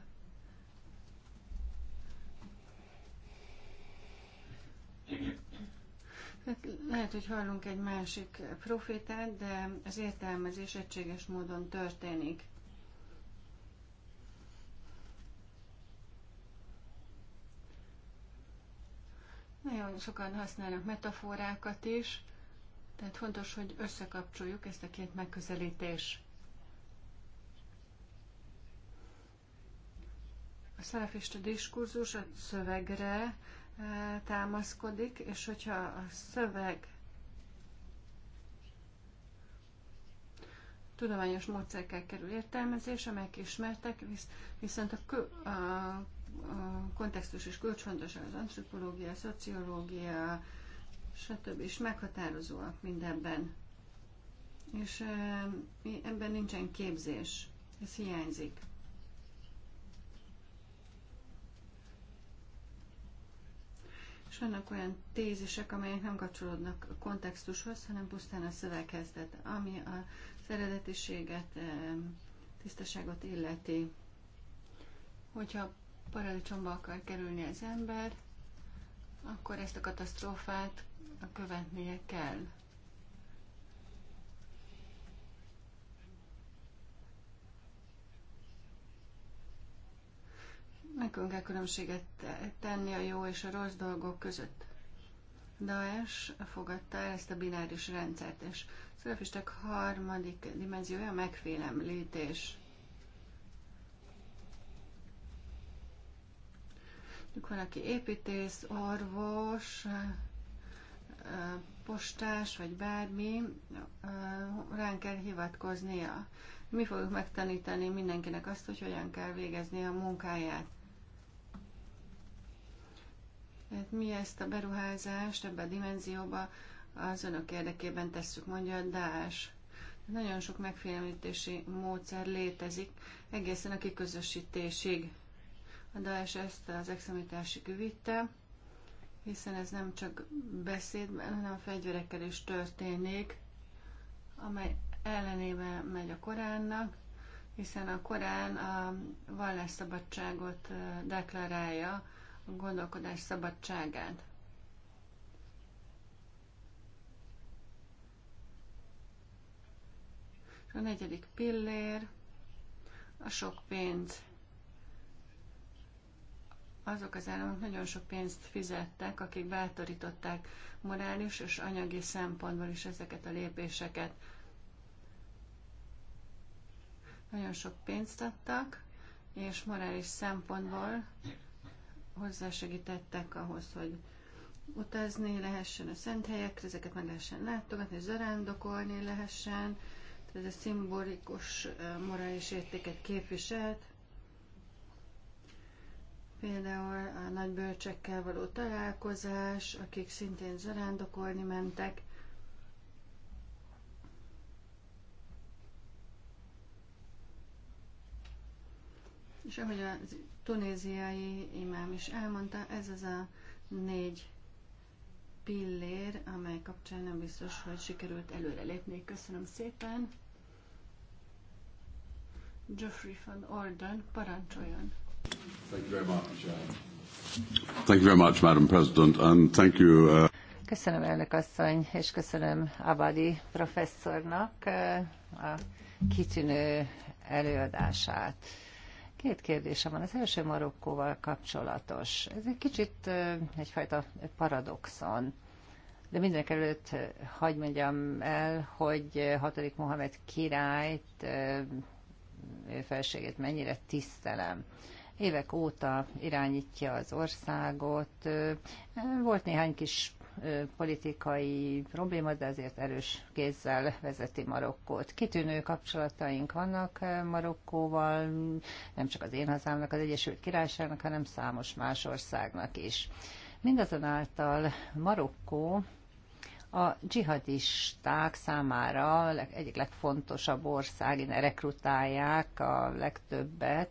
Hát lehet, hogy hallunk egy másik profétát, de az értelmezés egységes módon történik. Nagyon sokan használnak metaforákat is, tehát fontos, hogy összekapcsoljuk ezt a két megközelítést. A szelefista diskurzus a szövegre, támaszkodik, és hogyha a szöveg tudományos módszerekkel kerül értelmezés, amelyek ismertek, visz, viszont a, kö, a, a kontextus és kulcsfontos, az antropológia, a szociológia, stb. is meghatározóak mindenben. És ebben nincsen képzés, ez hiányzik. és vannak olyan tézisek, amelyek nem kapcsolódnak a kontextushoz, hanem pusztán a szöveghez, tehát ami az eredetiséget, tisztaságot illeti. Hogyha paradicsomba akar kerülni az ember, akkor ezt a katasztrófát követnie kell. Nekünk kell különbséget tenni a jó és a rossz dolgok között. Daesh fogadta el ezt a bináris rendszert, és a harmadik dimenziója a megfélemlítés. aki építész, orvos, postás, vagy bármi, ránk kell hivatkoznia. Mi fogjuk megtanítani mindenkinek azt, hogy hogyan kell végezni a munkáját. Tehát mi ezt a beruházást ebbe a dimenzióba az önök érdekében tesszük, mondja a Dás. Nagyon sok megfélemlítési módszer létezik, egészen a kiközösítésig. A Daesh ezt az extremitásig vitte, hiszen ez nem csak beszédben, hanem fegyverekkel is történik, amely ellenében megy a Koránnak, hiszen a Korán a vallásszabadságot deklarálja, gondolkodás szabadságát. A negyedik pillér, a sok pénz. Azok az államok nagyon sok pénzt fizettek, akik bátorították morális és anyagi szempontból is ezeket a lépéseket. Nagyon sok pénzt adtak, és morális szempontból hozzásegítettek ahhoz, hogy utazni lehessen a szent helyekre, ezeket meg lehessen látogatni, zarándokolni lehessen. Tehát ez a szimbolikus morális értéket képviselt. Például a bölcsekkel való találkozás, akik szintén zarándokolni mentek, És ahogy az tunéziai imám is elmondta, ez az a négy pillér, amely kapcsán nem biztos, hogy sikerült előrelépni. Köszönöm szépen. Geoffrey van Orden, parancsoljon. Thank you very much. Uh, thank you very much, Madam President, and thank you. Uh... Köszönöm elnök asszony, és köszönöm Abadi professzornak uh, a kitűnő előadását. Két kérdésem van. Az első Marokkóval kapcsolatos. Ez egy kicsit egyfajta paradoxon. De mindenek előtt hagyd mondjam el, hogy hatodik Mohamed királyt, ő felségét mennyire tisztelem évek óta irányítja az országot. Volt néhány kis politikai probléma, de azért erős kézzel vezeti Marokkót. Kitűnő kapcsolataink vannak Marokkóval, nem csak az én hazámnak, az Egyesült Királyságnak, hanem számos más országnak is. Mindazonáltal Marokkó a dzsihadisták számára egyik legfontosabb ország, innen rekrutálják a legtöbbet,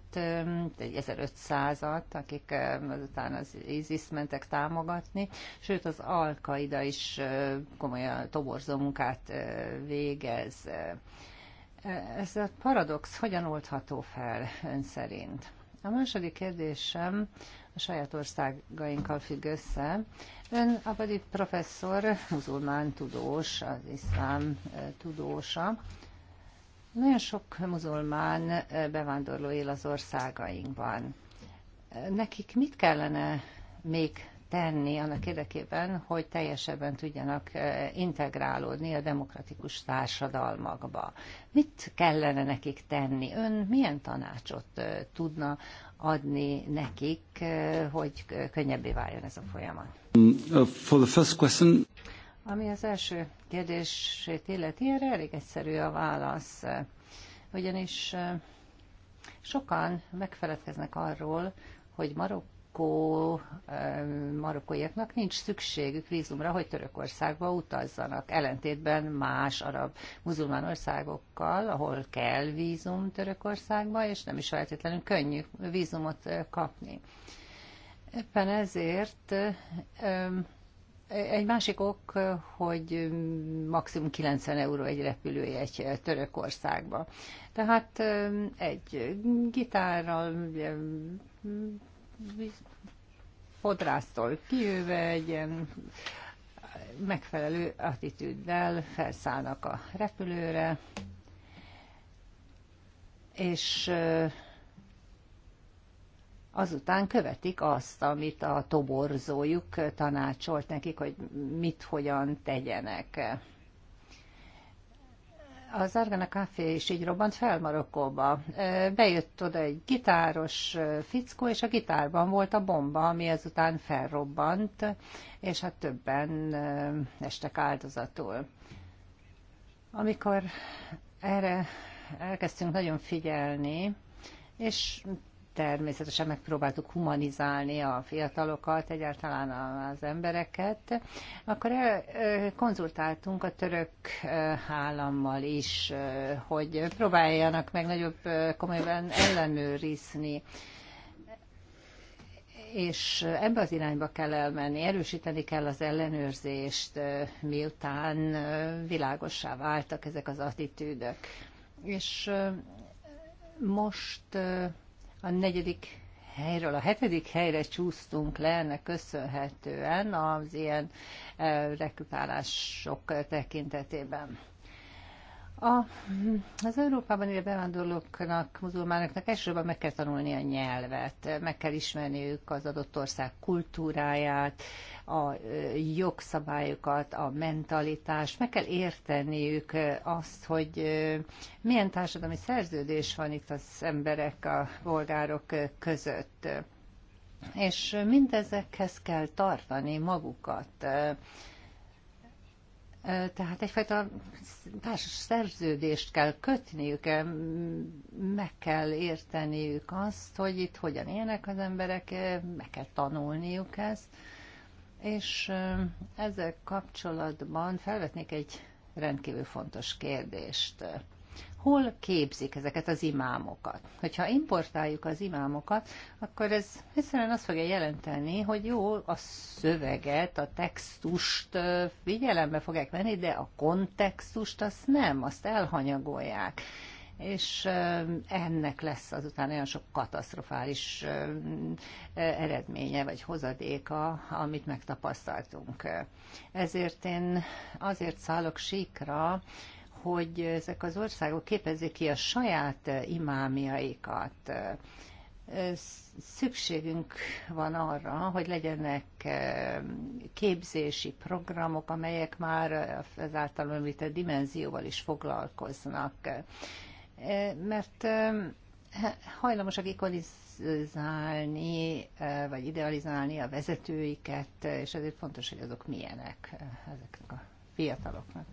1500-at, akik azután az ISIS mentek támogatni, sőt az alkaida is komolyan toborzó munkát végez. Ez a paradox hogyan oldható fel ön szerint? A második kérdésem a saját országainkkal függ össze. Ön, pedig professzor, muzulmán tudós, az iszlám e, tudósa. Nagyon sok muzulmán e, bevándorló él az országainkban. E, nekik mit kellene még tenni annak érdekében, hogy teljesebben tudjanak integrálódni a demokratikus társadalmakba. Mit kellene nekik tenni? Ön milyen tanácsot tudna adni nekik, hogy könnyebbé váljon ez a folyamat. Mm, uh, for the first question... Ami az első kérdését illeti, erre elég egyszerű a válasz. Ugyanis sokan megfeledkeznek arról, hogy Marokk Marokkó, marokkóiaknak nincs szükségük vízumra, hogy Törökországba utazzanak, ellentétben más arab muzulmán országokkal, ahol kell vízum Törökországba, és nem is feltétlenül könnyű vízumot kapni. Éppen ezért egy másik ok, hogy maximum 90 euró egy repülőjegy Törökországba. Tehát egy gitárral fodrásztól kijöve egy ilyen megfelelő attitűddel felszállnak a repülőre, és azután követik azt, amit a toborzójuk tanácsolt nekik, hogy mit, hogyan tegyenek az Argana Café is így robbant fel Marokkóba. Bejött oda egy gitáros fickó, és a gitárban volt a bomba, ami ezután felrobbant, és hát többen estek áldozatul. Amikor erre elkezdtünk nagyon figyelni, és természetesen megpróbáltuk humanizálni a fiatalokat, egyáltalán az embereket, akkor konzultáltunk a török állammal is, hogy próbáljanak meg nagyobb komolyan ellenőrizni és ebbe az irányba kell elmenni, erősíteni kell az ellenőrzést, miután világossá váltak ezek az attitűdök. És most a negyedik helyről a hetedik helyre csúsztunk le, ennek köszönhetően az ilyen eh, rekrutálások tekintetében. A, az Európában élő bevándorlóknak, muzulmánoknak elsősorban meg kell tanulni a nyelvet, meg kell ismerni ők az adott ország kultúráját, a jogszabályokat, a mentalitást, meg kell érteniük azt, hogy milyen társadalmi szerződés van itt az emberek, a polgárok között. És mindezekhez kell tartani magukat tehát egyfajta társas szerződést kell kötniük, meg kell érteniük azt, hogy itt hogyan élnek az emberek, meg kell tanulniuk ezt. És ezzel kapcsolatban felvetnék egy rendkívül fontos kérdést hol képzik ezeket az imámokat. Hogyha importáljuk az imámokat, akkor ez egyszerűen azt fogja jelenteni, hogy jó, a szöveget, a textust figyelembe fogják venni, de a kontextust azt nem, azt elhanyagolják és ennek lesz azután olyan sok katasztrofális eredménye vagy hozadéka, amit megtapasztaltunk. Ezért én azért szállok síkra, hogy ezek az országok képezik ki a saját imámiaikat. Szükségünk van arra, hogy legyenek eh, képzési programok, amelyek már az által említett dimenzióval is foglalkoznak. Eh, mert eh, hajlamosak ikonizálni, vagy idealizálni a vezetőiket, és ezért fontos, hogy azok milyenek ezeknek a fiataloknak.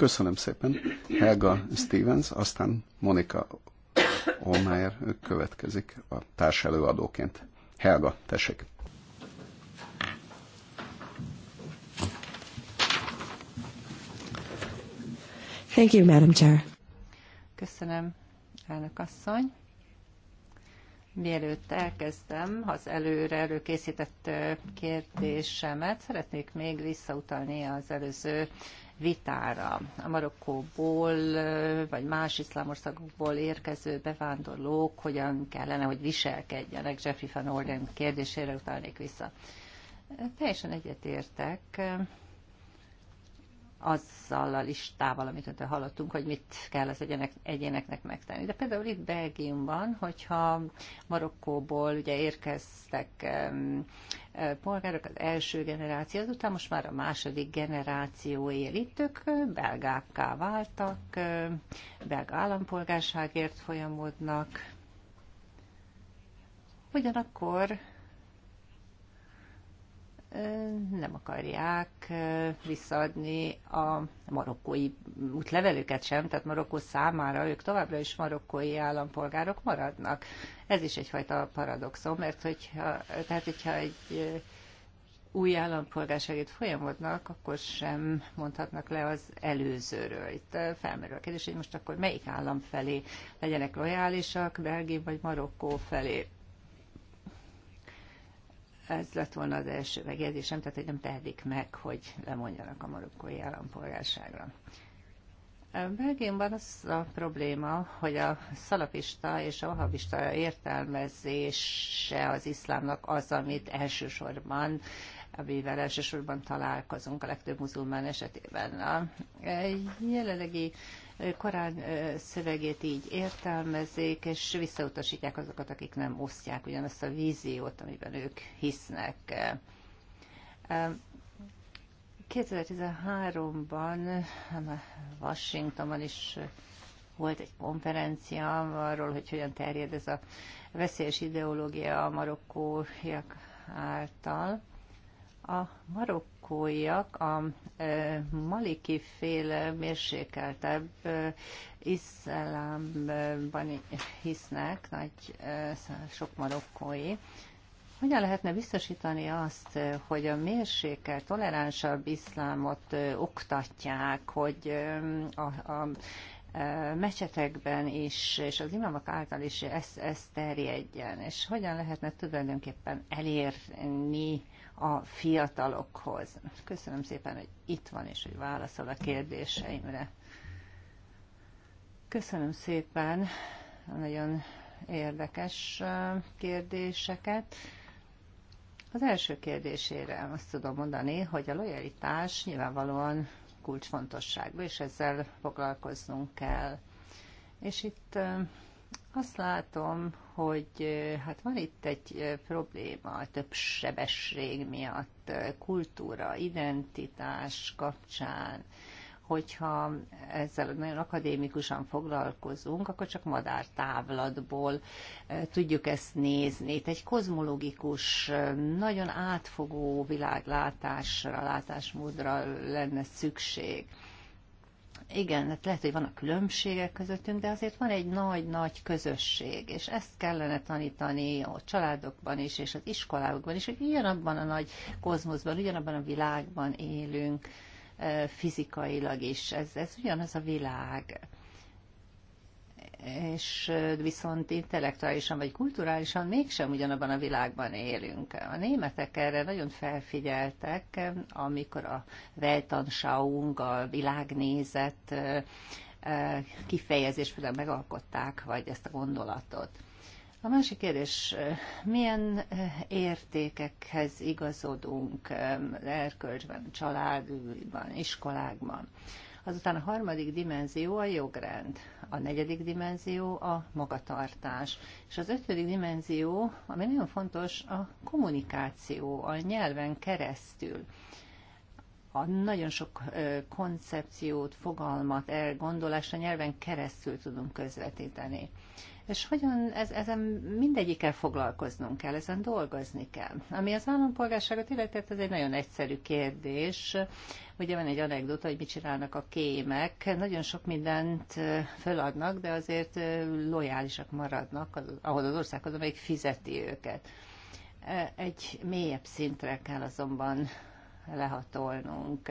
Köszönöm szépen. Helga Stevens, aztán Monika Olmeyer következik a társelőadóként. Helga, tessék. Thank you, Madam Chair. Köszönöm, elnök asszony. Mielőtt elkezdem az előre előkészített kérdésemet, szeretnék még visszautalni az előző vitára. A Marokkóból vagy más iszlámországokból érkező bevándorlók hogyan kellene, hogy viselkedjenek, Jeffrey van Orden kérdésére utalnék vissza. Teljesen egyetértek azzal a listával, amit öntől hallottunk, hogy mit kell az egyenek, egyéneknek megtenni. De például itt Belgiumban, hogyha Marokkóból ugye érkeztek e, polgárok, az első generáció, azután most már a második generáció él itt, ők belgákká váltak, belga állampolgárságért folyamodnak. Ugyanakkor nem akarják visszaadni a marokkói útlevelüket sem, tehát Marokkó számára ők továbbra is marokkói állampolgárok maradnak. Ez is egyfajta paradoxon, mert hogyha, tehát hogyha egy új állampolgárságét folyamodnak, akkor sem mondhatnak le az előzőről. Itt felmerül a kérdés, hogy most akkor melyik állam felé legyenek lojálisak, Belgium vagy Marokkó felé. Ez lett volna az első megjegyzésem, tehát hogy nem tehetik meg, hogy lemondjanak a marokkói állampolgárságra. Belgiumban az a probléma, hogy a szalapista és a vahabista értelmezése az iszlámnak az, amit elsősorban amivel elsősorban találkozunk a legtöbb muzulmán esetében. A jelenlegi Korán szövegét így értelmezik, és visszautasítják azokat, akik nem osztják ugyanazt a víziót, amiben ők hisznek. 2013-ban Washingtonban is volt egy konferencia arról, hogy hogyan terjed ez a veszélyes ideológia a marokkóiak által. A marokkóiak a maliki féle mérsékeltebb iszlámban hisznek, nagy sok marokkói. Hogyan lehetne biztosítani azt, hogy a mérsékelt toleránsabb iszlámot oktatják, hogy a, a mecsetekben is, és az imamak által is ez, ez terjedjen, és hogyan lehetne tulajdonképpen elérni a fiatalokhoz. Köszönöm szépen, hogy itt van, és hogy válaszol a kérdéseimre. Köszönöm szépen a nagyon érdekes kérdéseket. Az első kérdésére azt tudom mondani, hogy a lojalitás nyilvánvalóan kulcsfontosságú, és ezzel foglalkoznunk kell. És itt azt látom, hogy hát van itt egy probléma a több sebesség miatt, kultúra, identitás kapcsán, hogyha ezzel nagyon akadémikusan foglalkozunk, akkor csak madártávlatból tudjuk ezt nézni. Itt egy kozmológikus, nagyon átfogó világlátásra, látásmódra lenne szükség igen, hát lehet, hogy vannak különbségek közöttünk, de azért van egy nagy-nagy közösség, és ezt kellene tanítani a családokban is, és az iskolákban is, hogy ugyanabban a nagy kozmoszban, ugyanabban a világban élünk, eh, fizikailag is. Ez, ez ugyanaz a világ és viszont intellektuálisan vagy kulturálisan mégsem ugyanabban a világban élünk. A németek erre nagyon felfigyeltek, amikor a Weltanschauung, a világnézet kifejezés például megalkották, vagy ezt a gondolatot. A másik kérdés, milyen értékekhez igazodunk erkölcsben, családban, iskolákban? Azután a harmadik dimenzió a jogrend, a negyedik dimenzió a magatartás, és az ötödik dimenzió, ami nagyon fontos, a kommunikáció, a nyelven keresztül a nagyon sok koncepciót, fogalmat, elgondolást a nyelven keresztül tudunk közvetíteni és hogyan ez, ezen mindegyikkel foglalkoznunk kell, ezen dolgozni kell. Ami az állampolgárságot illeti, hát ez egy nagyon egyszerű kérdés. Ugye van egy anekdota, hogy mit csinálnak a kémek. Nagyon sok mindent föladnak, de azért lojálisak maradnak, ahol az országhoz, amelyik fizeti őket. Egy mélyebb szintre kell azonban lehatolnunk.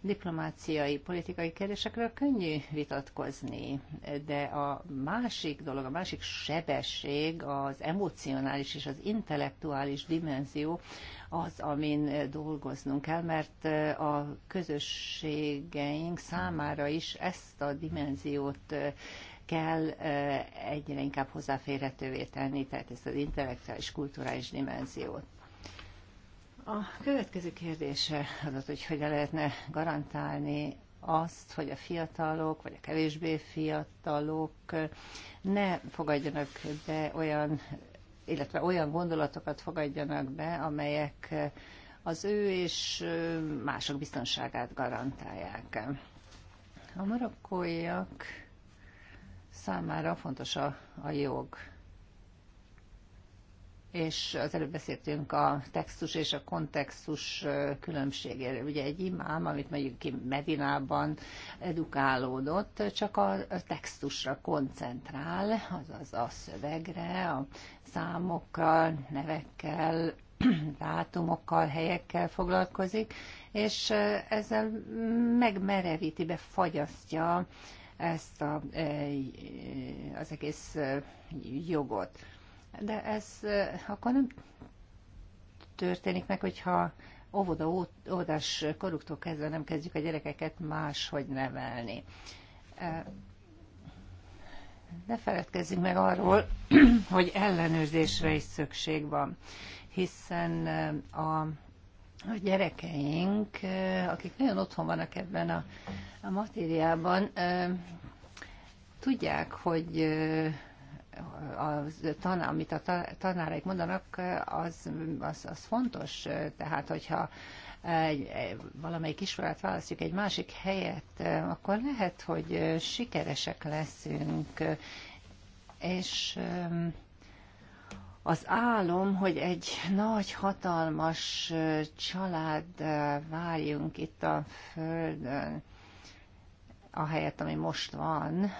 Diplomáciai, politikai kérdésekről könnyű vitatkozni, de a másik dolog, a másik sebesség, az emocionális és az intellektuális dimenzió az, amin dolgoznunk kell, mert a közösségeink számára is ezt a dimenziót kell egyre inkább hozzáférhetővé tenni, tehát ezt az intellektuális, kulturális dimenziót. A következő kérdése az, hogy hogyan lehetne garantálni azt, hogy a fiatalok, vagy a kevésbé fiatalok ne fogadjanak be olyan, illetve olyan gondolatokat fogadjanak be, amelyek az ő és mások biztonságát garantálják. A marokkóiak számára fontos a, a jog, és az előbb beszéltünk a textus és a kontextus különbségéről. Ugye egy imám, amit mondjuk ki Medinában edukálódott, csak a textusra koncentrál, azaz a szövegre, a számokkal, nevekkel, *clears throat* dátumokkal, helyekkel foglalkozik, és ezzel megmerevíti, befagyasztja ezt a, az egész jogot. De ez akkor nem történik meg, hogyha óvoda, óvodás koruktól kezdve nem kezdjük a gyerekeket máshogy nevelni. Ne feledkezzünk meg arról, *clears throat* hogy ellenőrzésre is szükség van, hiszen a a gyerekeink, akik nagyon otthon vannak ebben a, a matériában, tudják, hogy a tan, amit a tanáraik mondanak, az, az, az fontos. Tehát, hogyha egy, valamelyik iskolát választjuk egy másik helyet, akkor lehet, hogy sikeresek leszünk, és az álom, hogy egy nagy, hatalmas család várjunk itt a Földön a helyet, ami most van.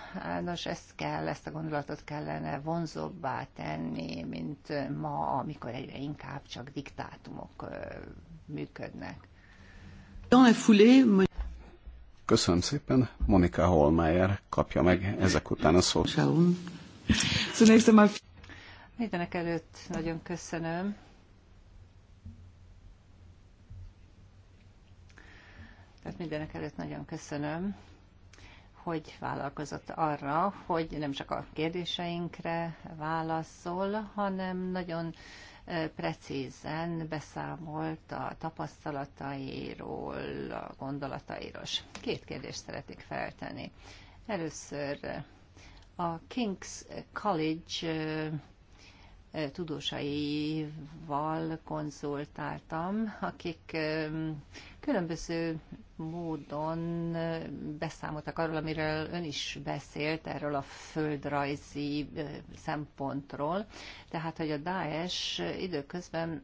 Nos, ezt kell, ezt a gondolatot kellene vonzóbbá tenni, mint ma, amikor egyre inkább csak diktátumok működnek. Köszönöm szépen. Monika Holmeyer kapja meg ezek után a szót. Mindenek előtt nagyon köszönöm. Tehát mindenek előtt nagyon köszönöm hogy vállalkozott arra, hogy nem csak a kérdéseinkre válaszol, hanem nagyon precízen beszámolt a tapasztalatairól, a gondolatairól. Két kérdést szeretik feltenni. Először a King's College tudósaival konzultáltam, akik különböző módon beszámoltak arról, amiről ön is beszélt, erről a földrajzi szempontról. Tehát, hogy a Daesh időközben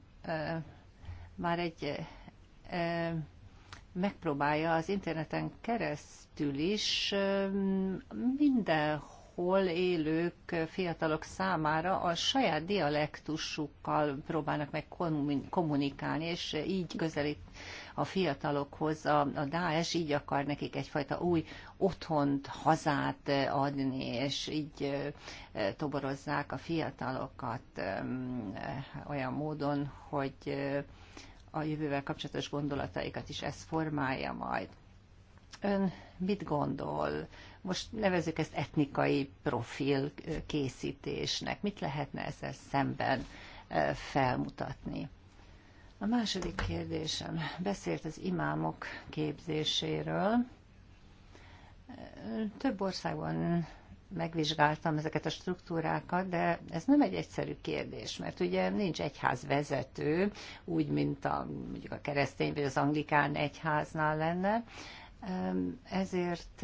már egy megpróbálja az interneten keresztül is mindenhol élők, fiatalok számára a saját dialektusukkal próbálnak meg kommunikálni, és így közelít, a fiatalokhoz a, a Daesh, így akar nekik egyfajta új otthont, hazát adni, és így toborozzák a fiatalokat olyan módon, hogy a jövővel kapcsolatos gondolataikat is ez formálja majd. Ön mit gondol? Most nevezük ezt etnikai profil készítésnek. Mit lehetne ezzel szemben felmutatni? A második kérdésem beszélt az imámok képzéséről. Több országban megvizsgáltam ezeket a struktúrákat, de ez nem egy egyszerű kérdés, mert ugye nincs egyház vezető, úgy, mint a, mondjuk a keresztény vagy az anglikán egyháznál lenne. Ezért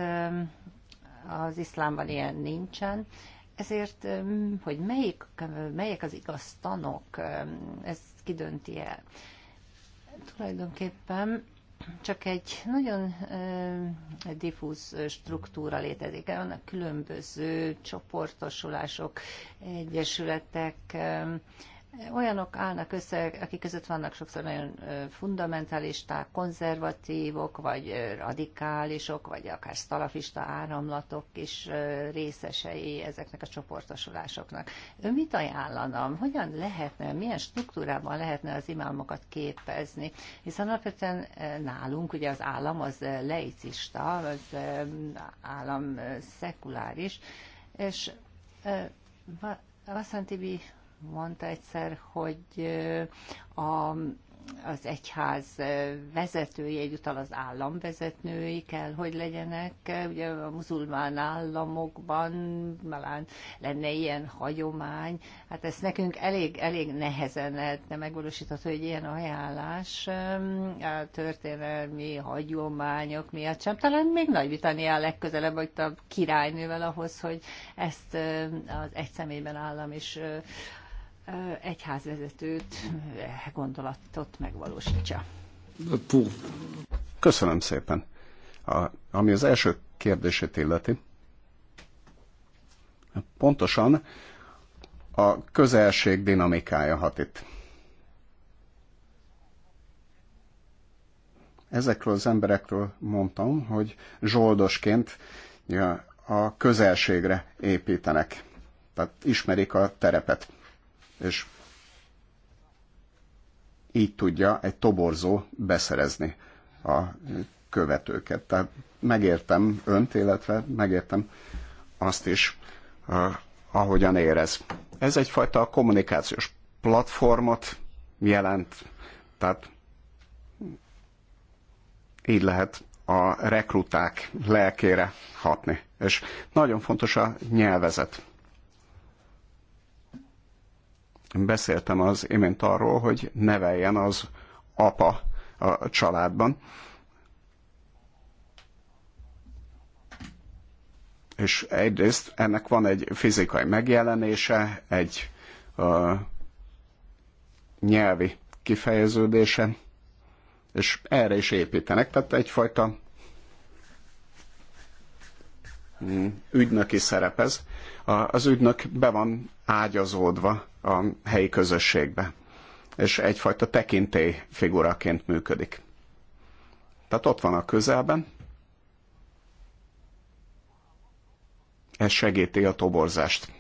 az iszlámban ilyen nincsen, ezért, hogy melyik, melyik az igaz tanok, ezt kidönti el. Tulajdonképpen csak egy nagyon diffúz struktúra létezik. Vannak különböző csoportosulások, egyesületek, olyanok állnak össze, akik között vannak sokszor nagyon fundamentalisták, konzervatívok, vagy radikálisok, vagy akár szalafista áramlatok is részesei ezeknek a csoportosulásoknak. Ön mit ajánlanom? Hogyan lehetne, milyen struktúrában lehetne az imámokat képezni? Hiszen alapvetően nálunk ugye az állam az leicista, az állam szekuláris, és Vasszantibi mondta egyszer, hogy a az egyház vezetői, egyúttal az államvezetői kell, hogy legyenek. Ugye a muzulmán államokban talán lenne ilyen hagyomány. Hát ezt nekünk elég, elég nehezen lehetne megvalósítható, hogy ilyen ajánlás a történelmi hagyományok miatt sem. Talán még Nagy-Britannia legközelebb, vagy a királynővel ahhoz, hogy ezt az egy személyben állam is egyházvezetőt e gondolatot megvalósítsa. Köszönöm szépen. A, ami az első kérdését illeti, pontosan a közelség dinamikája hat itt. Ezekről az emberekről mondtam, hogy zsoldosként ja, a közelségre építenek. Tehát ismerik a terepet és így tudja egy toborzó beszerezni a követőket. Tehát megértem önt, illetve megértem azt is, ahogyan érez. Ez egyfajta kommunikációs platformot jelent, tehát így lehet a rekruták lelkére hatni. És nagyon fontos a nyelvezet. Beszéltem az imént arról, hogy neveljen az apa a családban. És egyrészt ennek van egy fizikai megjelenése, egy a, nyelvi kifejeződése, és erre is építenek. Tehát egyfajta mm, ügynöki szerepez. Az ügynök be van ágyazódva a helyi közösségbe, és egyfajta tekintély figuraként működik. Tehát ott van a közelben, ez segíti a toborzást.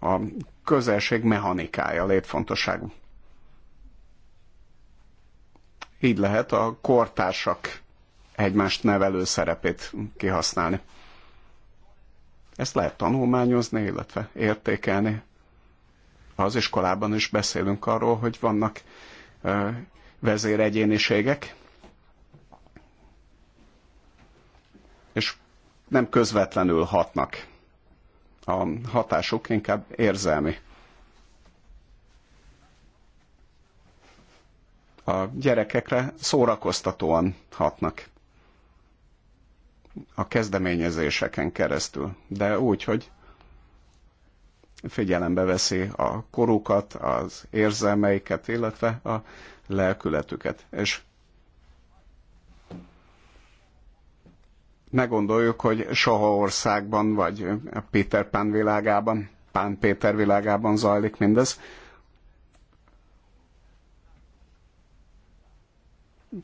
A közelség mechanikája létfontosságú. Így lehet a kortársak egymást nevelő szerepét kihasználni. Ezt lehet tanulmányozni, illetve értékelni. Az iskolában is beszélünk arról, hogy vannak ö, vezéregyéniségek, és nem közvetlenül hatnak. A hatásuk inkább érzelmi. A gyerekekre szórakoztatóan hatnak a kezdeményezéseken keresztül, de úgy, hogy figyelembe veszi a korukat, az érzelmeiket, illetve a lelkületüket. És ne gondoljuk, hogy soha országban, vagy Péter Pán világában, Pán Péter világában zajlik mindez.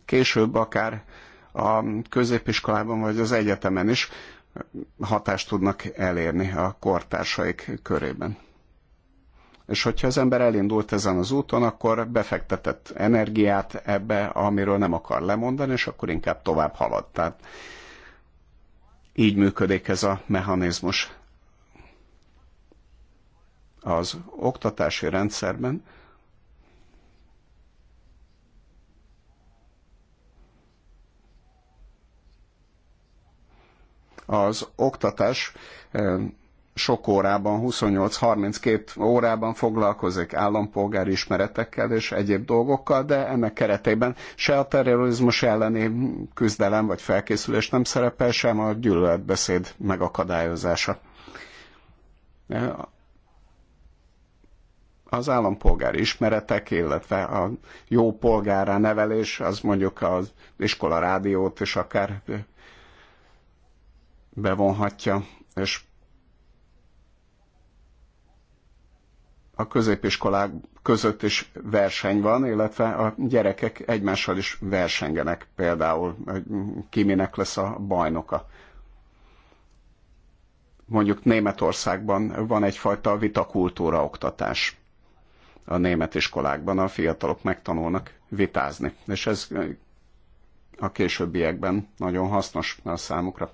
Később akár a középiskolában vagy az egyetemen is hatást tudnak elérni a kortársaik körében. És hogyha az ember elindult ezen az úton, akkor befektetett energiát ebbe, amiről nem akar lemondani, és akkor inkább tovább halad. Tehát így működik ez a mechanizmus. Az oktatási rendszerben az oktatás eh, sok órában, 28-32 órában foglalkozik állampolgári ismeretekkel és egyéb dolgokkal, de ennek keretében se a terrorizmus elleni küzdelem vagy felkészülés nem szerepel, sem a gyűlöletbeszéd megakadályozása. Eh, az állampolgári ismeretek, illetve a jó polgára nevelés, az mondjuk az iskola rádiót és akár bevonhatja, és a középiskolák között is verseny van, illetve a gyerekek egymással is versengenek, például hogy kiminek lesz a bajnoka. Mondjuk Németországban van egyfajta vitakultúra oktatás. A német iskolákban a fiatalok megtanulnak vitázni, és ez a későbbiekben nagyon hasznos a számukra.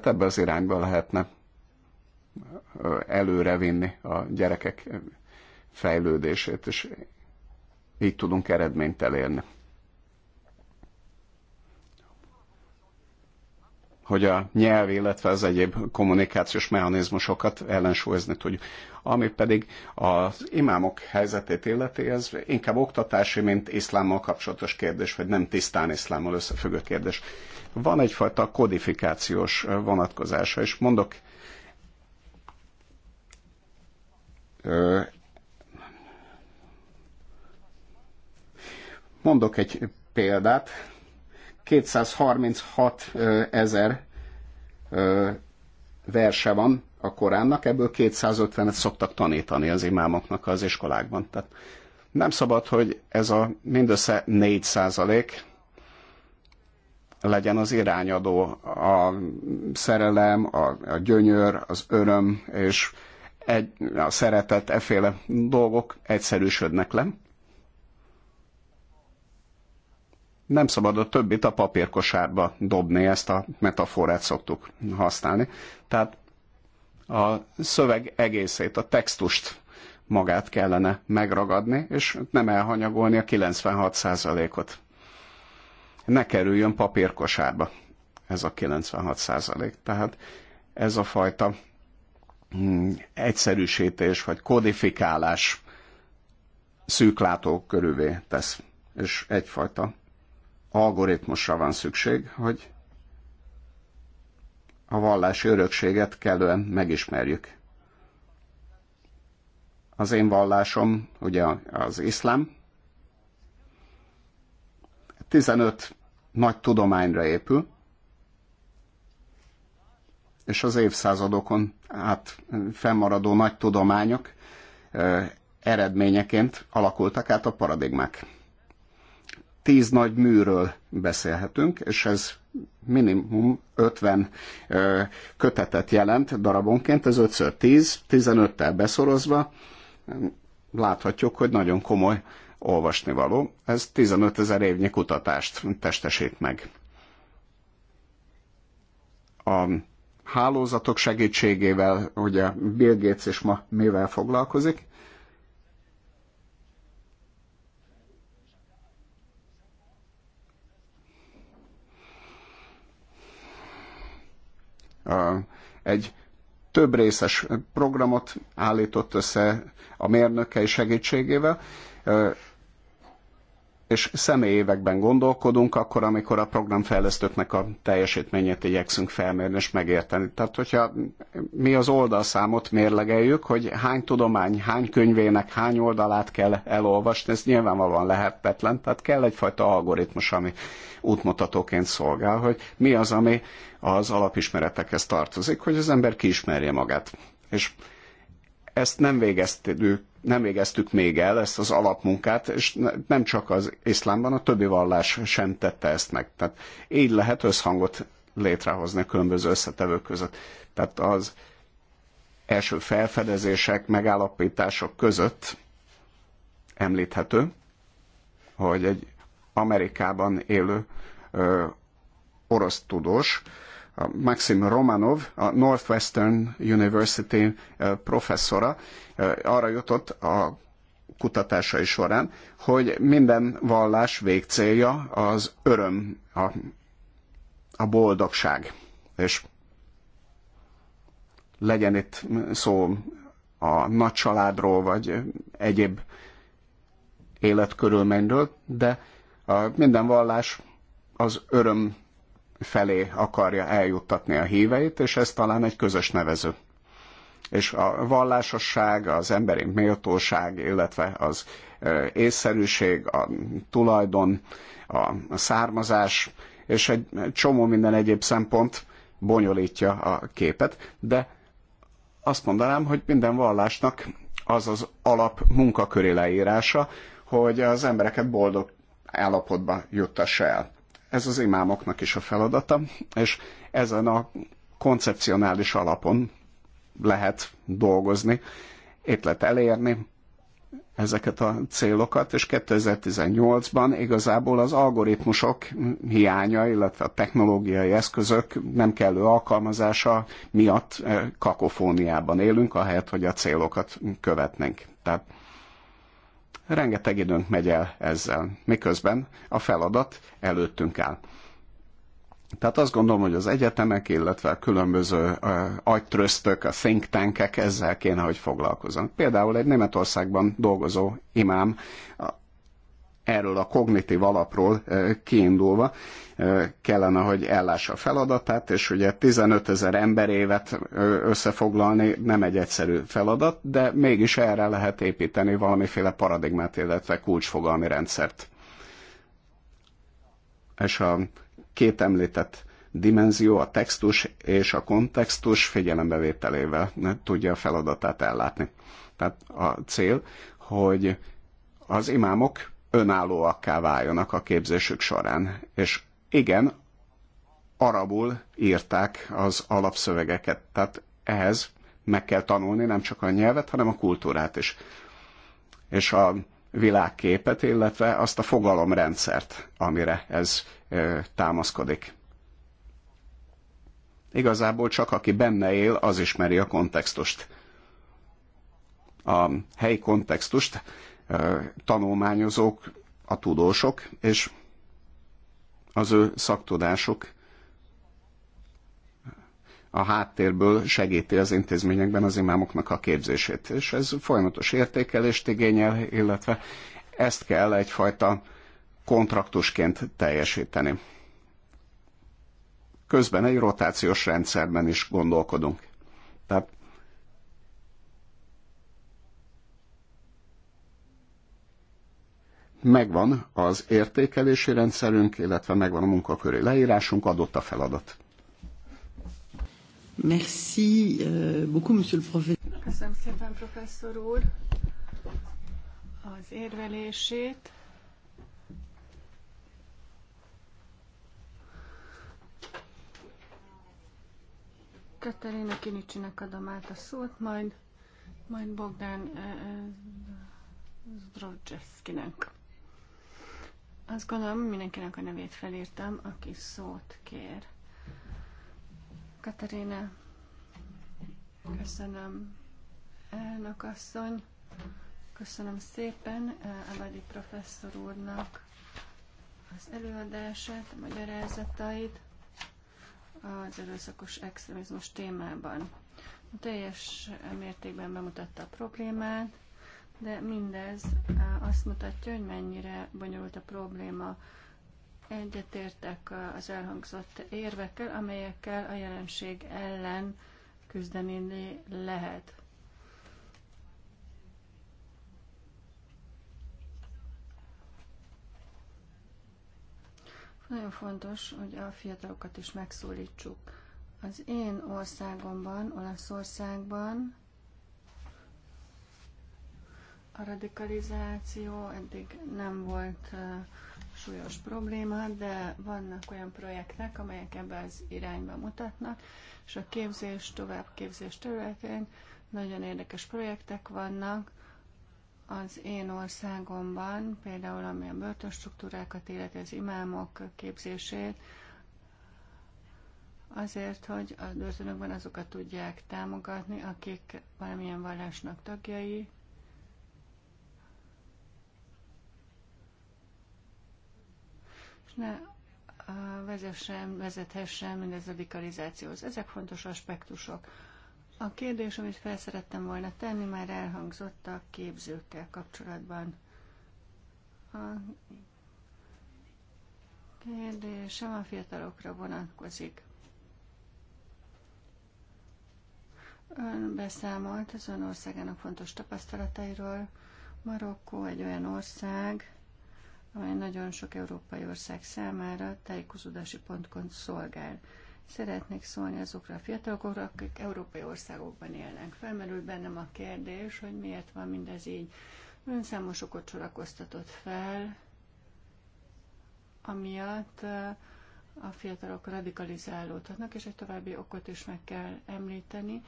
Tehát ebbe az irányba lehetne előrevinni a gyerekek fejlődését, és így tudunk eredményt elérni. hogy a nyelv, illetve az egyéb kommunikációs mechanizmusokat ellensúlyozni tudjuk. Ami pedig az imámok helyzetét illeti, ez inkább oktatási, mint iszlámmal kapcsolatos kérdés, vagy nem tisztán iszlámmal összefüggő kérdés van egyfajta kodifikációs vonatkozása, és mondok mondok egy példát, 236 ezer verse van a Koránnak, ebből 250-et szoktak tanítani az imámoknak az iskolákban. Tehát nem szabad, hogy ez a mindössze 4 százalék legyen az irányadó, a szerelem, a, a gyönyör, az öröm és egy, a szeretet, eféle dolgok egyszerűsödnek le. Nem szabad a többit a papírkosárba dobni, ezt a metaforát szoktuk használni. Tehát a szöveg egészét, a textust magát kellene megragadni, és nem elhanyagolni a 96%-ot ne kerüljön papírkosárba. Ez a 96 százalék. Tehát ez a fajta hmm, egyszerűsítés vagy kodifikálás szűklátó körülvé tesz, és egyfajta algoritmusra van szükség, hogy a vallási örökséget kellően megismerjük. Az én vallásom ugye az iszlám, 15 nagy tudományra épül, és az évszázadokon át fennmaradó nagy tudományok eredményeként alakultak át a paradigmák. Tíz nagy műről beszélhetünk, és ez minimum 50 kötetet jelent darabonként, ez 5 10 15-tel beszorozva, láthatjuk, hogy nagyon komoly olvasni való. Ez 15 ezer évnyi kutatást testesít meg. A hálózatok segítségével, ugye Bill Gates is ma mivel foglalkozik, egy több részes programot állított össze a mérnökei segítségével, és személyévekben gondolkodunk, akkor, amikor a programfejlesztőknek a teljesítményét igyekszünk felmérni és megérteni. Tehát, hogyha mi az oldalszámot mérlegeljük, hogy hány tudomány, hány könyvének, hány oldalát kell elolvasni, ez nyilvánvalóan lehetetlen, tehát kell egyfajta algoritmus, ami útmutatóként szolgál, hogy mi az, ami az alapismeretekhez tartozik, hogy az ember kiismerje magát. És ezt nem végeztük nem végeztük még el ezt az alapmunkát, és nem csak az iszlámban, a többi vallás sem tette ezt meg. Tehát így lehet összhangot létrehozni a különböző összetevők között. Tehát az első felfedezések, megállapítások között említhető, hogy egy Amerikában élő ö, orosz tudós Maxim Romanov, a Northwestern University eh, professzora eh, arra jutott a kutatásai során, hogy minden vallás végcélja az öröm, a, a boldogság. És legyen itt szó a nagy családról, vagy egyéb életkörülményről, de a, eh, minden vallás az öröm felé akarja eljuttatni a híveit, és ez talán egy közös nevező. És a vallásosság, az emberi méltóság, illetve az észszerűség, a tulajdon, a származás, és egy csomó minden egyéb szempont bonyolítja a képet, de azt mondanám, hogy minden vallásnak az az alap munkaköri leírása, hogy az embereket boldog állapotba juttassa el. Ez az imámoknak is a feladata, és ezen a koncepcionális alapon lehet dolgozni, itt lehet elérni ezeket a célokat, és 2018-ban igazából az algoritmusok hiánya, illetve a technológiai eszközök nem kellő alkalmazása miatt eh, kakofóniában élünk, ahelyett, hogy a célokat követnénk. Tehát Rengeteg időnk megy el ezzel, miközben a feladat előttünk áll. Tehát azt gondolom, hogy az egyetemek, illetve a különböző uh, agytröztök, a think tankek ezzel kéne, hogy foglalkozzanak. Például egy Németországban dolgozó imám erről a kognitív alapról kiindulva kellene, hogy ellássa a feladatát, és ugye 15 ezer emberévet összefoglalni nem egy egyszerű feladat, de mégis erre lehet építeni valamiféle paradigmát, illetve kulcsfogalmi rendszert. És a két említett dimenzió, a textus és a kontextus figyelembevételével tudja a feladatát ellátni. Tehát a cél, hogy az imámok önállóakká váljanak a képzésük során. És igen, arabul írták az alapszövegeket, tehát ehhez meg kell tanulni nem csak a nyelvet, hanem a kultúrát is. És a világképet, illetve azt a fogalomrendszert, amire ez ö, támaszkodik. Igazából csak aki benne él, az ismeri a kontextust. A helyi kontextust tanulmányozók, a tudósok, és az ő szaktudásuk a háttérből segíti az intézményekben az imámoknak a képzését. És ez folyamatos értékelést igényel, illetve ezt kell egyfajta kontraktusként teljesíteni. Közben egy rotációs rendszerben is gondolkodunk. Tehát megvan az értékelési rendszerünk, illetve megvan a munkaköré. leírásunk, adott a feladat. Merci euh, beaucoup, monsieur le professeur. Köszönöm szépen, professzor úr, az érvelését. Katarina Kinicsinek adom át a szót, majd, majd uh, eh, eh, Zdrodzseszkinek. Azt gondolom, mindenkinek a nevét felírtam, aki szót kér. Katarina, köszönöm. Elnök asszony, köszönöm szépen eh, Abadi professzor úrnak az előadását, a magyarázatait az erőszakos extrémizmus témában. Teljes mértékben bemutatta a problémát, de mindez eh, azt mutatja, hogy mennyire bonyolult a probléma. Egyetértek eh, az elhangzott érvekkel, amelyekkel a jelenség ellen küzdeni lehet. Nagyon fontos, hogy a fiatalokat is megszólítsuk. Az én országomban, Olaszországban a radikalizáció eddig nem volt súlyos probléma, de vannak olyan projektek, amelyek ebbe az irányba mutatnak, és a képzés, továbbképzés területén nagyon érdekes projektek vannak. Az én országomban, például ami a börtönstruktúrákat illeti, az imámok képzését, azért, hogy a börtönökben azokat tudják támogatni, akik valamilyen vallásnak tagjai, ne vezessen, vezethessen mindez a radikalizációhoz. Ezek fontos aspektusok. A kérdés, amit fel szerettem volna tenni, már elhangzott a képzőkkel kapcsolatban. A kérdésem a fiatalokra vonatkozik. Ön beszámolt az ön országának fontos tapasztalatairól. Marokkó egy olyan ország, amely nagyon sok európai ország számára tájékozódási pontként szolgál. Szeretnék szólni azokra a fiatalokra, akik európai országokban élnek. Felmerül bennem a kérdés, hogy miért van mindez így. Ön számos okot sorakoztatott fel, amiatt a fiatalok radikalizálódhatnak, és egy további okot is meg kell említeni,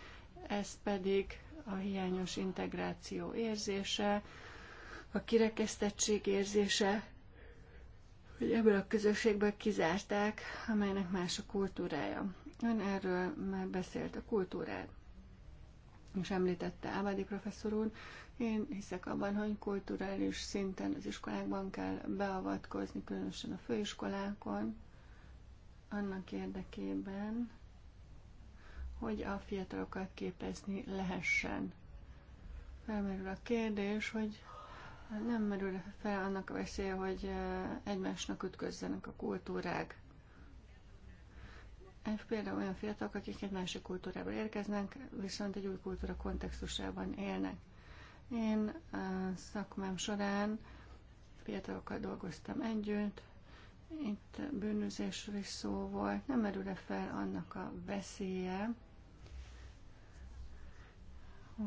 ez pedig a hiányos integráció érzése, a kirekesztettség érzése, hogy ebből a közösségből kizárták, amelynek más a kultúrája. Ön erről már beszélt, a kultúrát. És említette Ávádi professzor úr, én hiszek abban, hogy kulturális szinten az iskolákban kell beavatkozni, különösen a főiskolákon, annak érdekében, hogy a fiatalokat képezni lehessen. Felmerül a kérdés, hogy nem merül fel annak a veszélye, hogy egymásnak ütközzenek a kultúrák. Például olyan fiatalok, akik egy másik kultúrából érkeznek, viszont egy új kultúra kontextusában élnek. Én a szakmám során fiatalokkal dolgoztam együtt, itt bűnözésről is szó volt, nem merül fel annak a veszélye,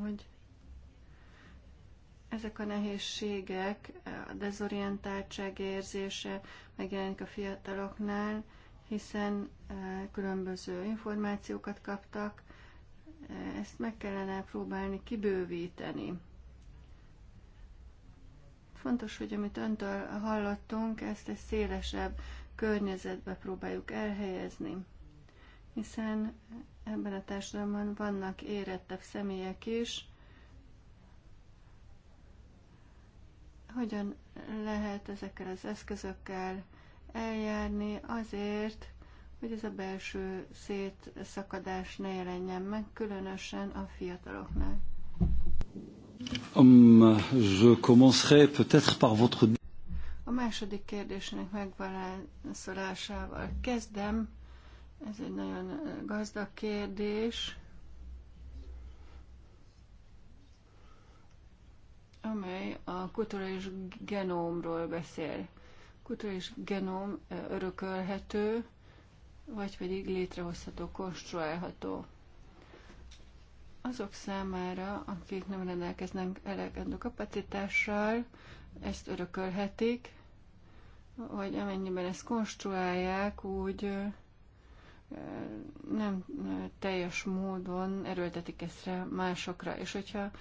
hogy ezek a nehézségek, a dezorientáltság érzése megjelenik a fiataloknál, hiszen eh, különböző információkat kaptak, eh, ezt meg kellene próbálni kibővíteni. Fontos, hogy amit öntől hallottunk, ezt egy szélesebb környezetbe próbáljuk elhelyezni, hiszen ebben a társadalomban vannak érettebb személyek is, Hogyan lehet ezekkel az eszközökkel eljárni azért, hogy ez a belső szétszakadás ne jelenjen meg, különösen a fiataloknál? Um, je commencerai peut-être par votre... A második kérdésnek megválaszolásával kezdem. Ez egy nagyon gazdag kérdés. amely a kulturális genómról beszél. Kulturális genóm örökölhető, vagy pedig létrehozható, konstruálható. Azok számára, akik nem rendelkeznek elegendő kapacitással, ezt örökölhetik, vagy amennyiben ezt konstruálják, úgy nem teljes módon erőltetik ezt rá másokra. És hogyha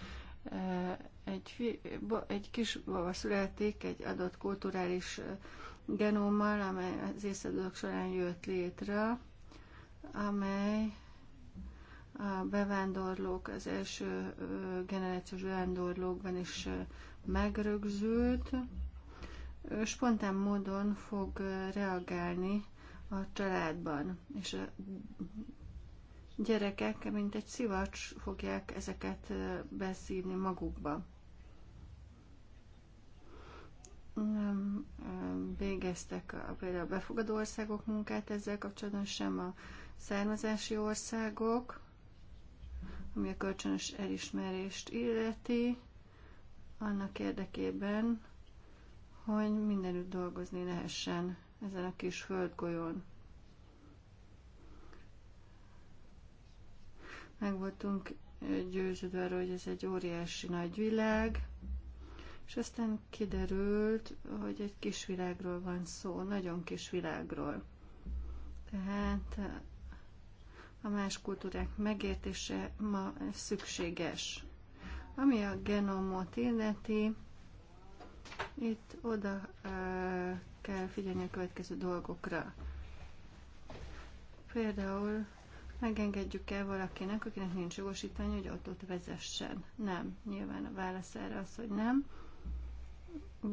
egy, fi, egy kis baba születik egy adott kulturális genommal, amely az évszázadok során jött létre, amely a bevándorlók, az első generációs bevándorlókban is megrögzült, spontán módon fog reagálni a családban, és a gyerekek, mint egy szivacs fogják ezeket beszívni magukba. Nem végeztek a, például a befogadó országok munkát ezzel kapcsolatban, sem a származási országok, ami a kölcsönös elismerést illeti, annak érdekében, hogy mindenütt dolgozni lehessen ezen a kis földgolyón. Meg voltunk győződve arról, hogy ez egy óriási nagy világ, és aztán kiderült, hogy egy kis világról van szó, nagyon kis világról. Tehát a más kultúrák megértése ma szükséges. Ami a genomot illeti, itt oda kell figyelni a következő dolgokra. Például megengedjük-e valakinek, akinek nincs jogosítvány, hogy autót vezessen? Nem. Nyilván a válasz erre az, hogy nem.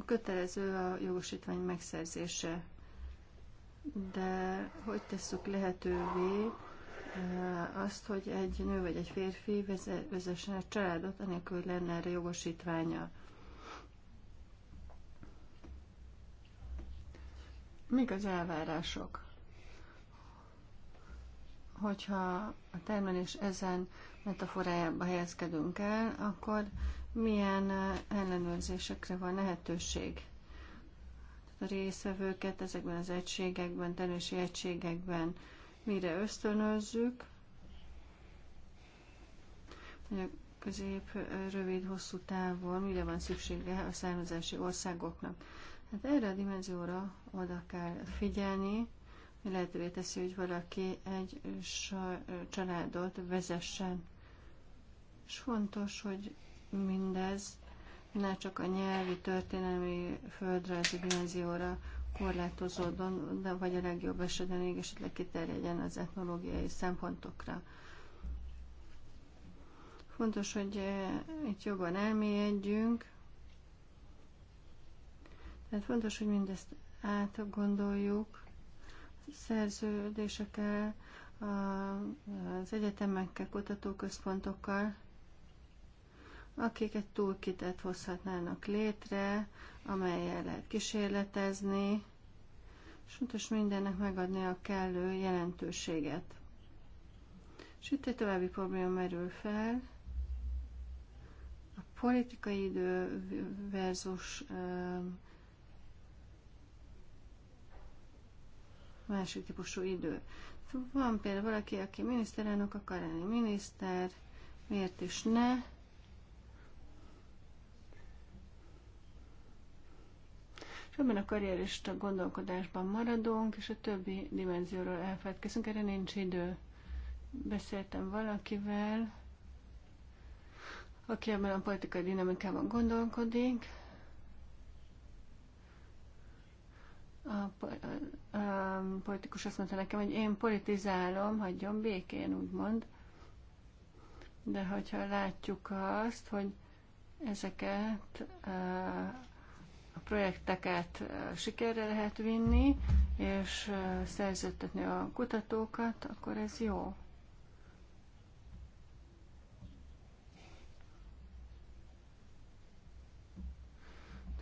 Kötelező a jogosítvány megszerzése. De hogy tesszük lehetővé eh, azt, hogy egy nő vagy egy férfi vezessen a családot, anélkül, hogy lenne erre jogosítványa? Mik az elvárások? hogyha a termelés ezen metaforájába helyezkedünk el, akkor milyen eh, ellenőrzésekre van lehetőség? A részvevőket ezekben az egységekben, termési egységekben mire ösztönözzük, Mondjuk közép, eh, rövid, hosszú távon mire van szüksége a származási országoknak. Hát erre a dimenzióra oda kell figyelni, lehetővé teszi, hogy valaki egy családot vezessen. És fontos, hogy mindez ne csak a nyelvi, történelmi, földrajzi dimenzióra korlátozódon, de vagy a legjobb esetben még esetleg kiterjedjen az etnológiai szempontokra. Fontos, hogy eh, itt jobban elmélyedjünk, tehát fontos, hogy mindezt átgondoljuk, szerződésekkel, az egyetemekkel, kutatóközpontokkal, akiket túlkitet hozhatnának létre, amelyel lehet kísérletezni, és fontos mindennek megadni a kellő jelentőséget. És itt egy további probléma merül fel, a politikai idő versus másik típusú idő. Van például valaki, aki miniszterelnök akar lenni miniszter, miért is ne? És ebben a karrierista gondolkodásban maradunk, és a többi dimenzióról elfeledkezünk, erre nincs idő. Beszéltem valakivel, aki ebben a politikai dinamikában gondolkodik, a, a, a politikus azt mondta nekem, hogy én politizálom, hagyjon békén, úgymond. De hogyha látjuk azt, hogy ezeket a projekteket sikerre lehet vinni, és szerződtetni a kutatókat, akkor ez jó.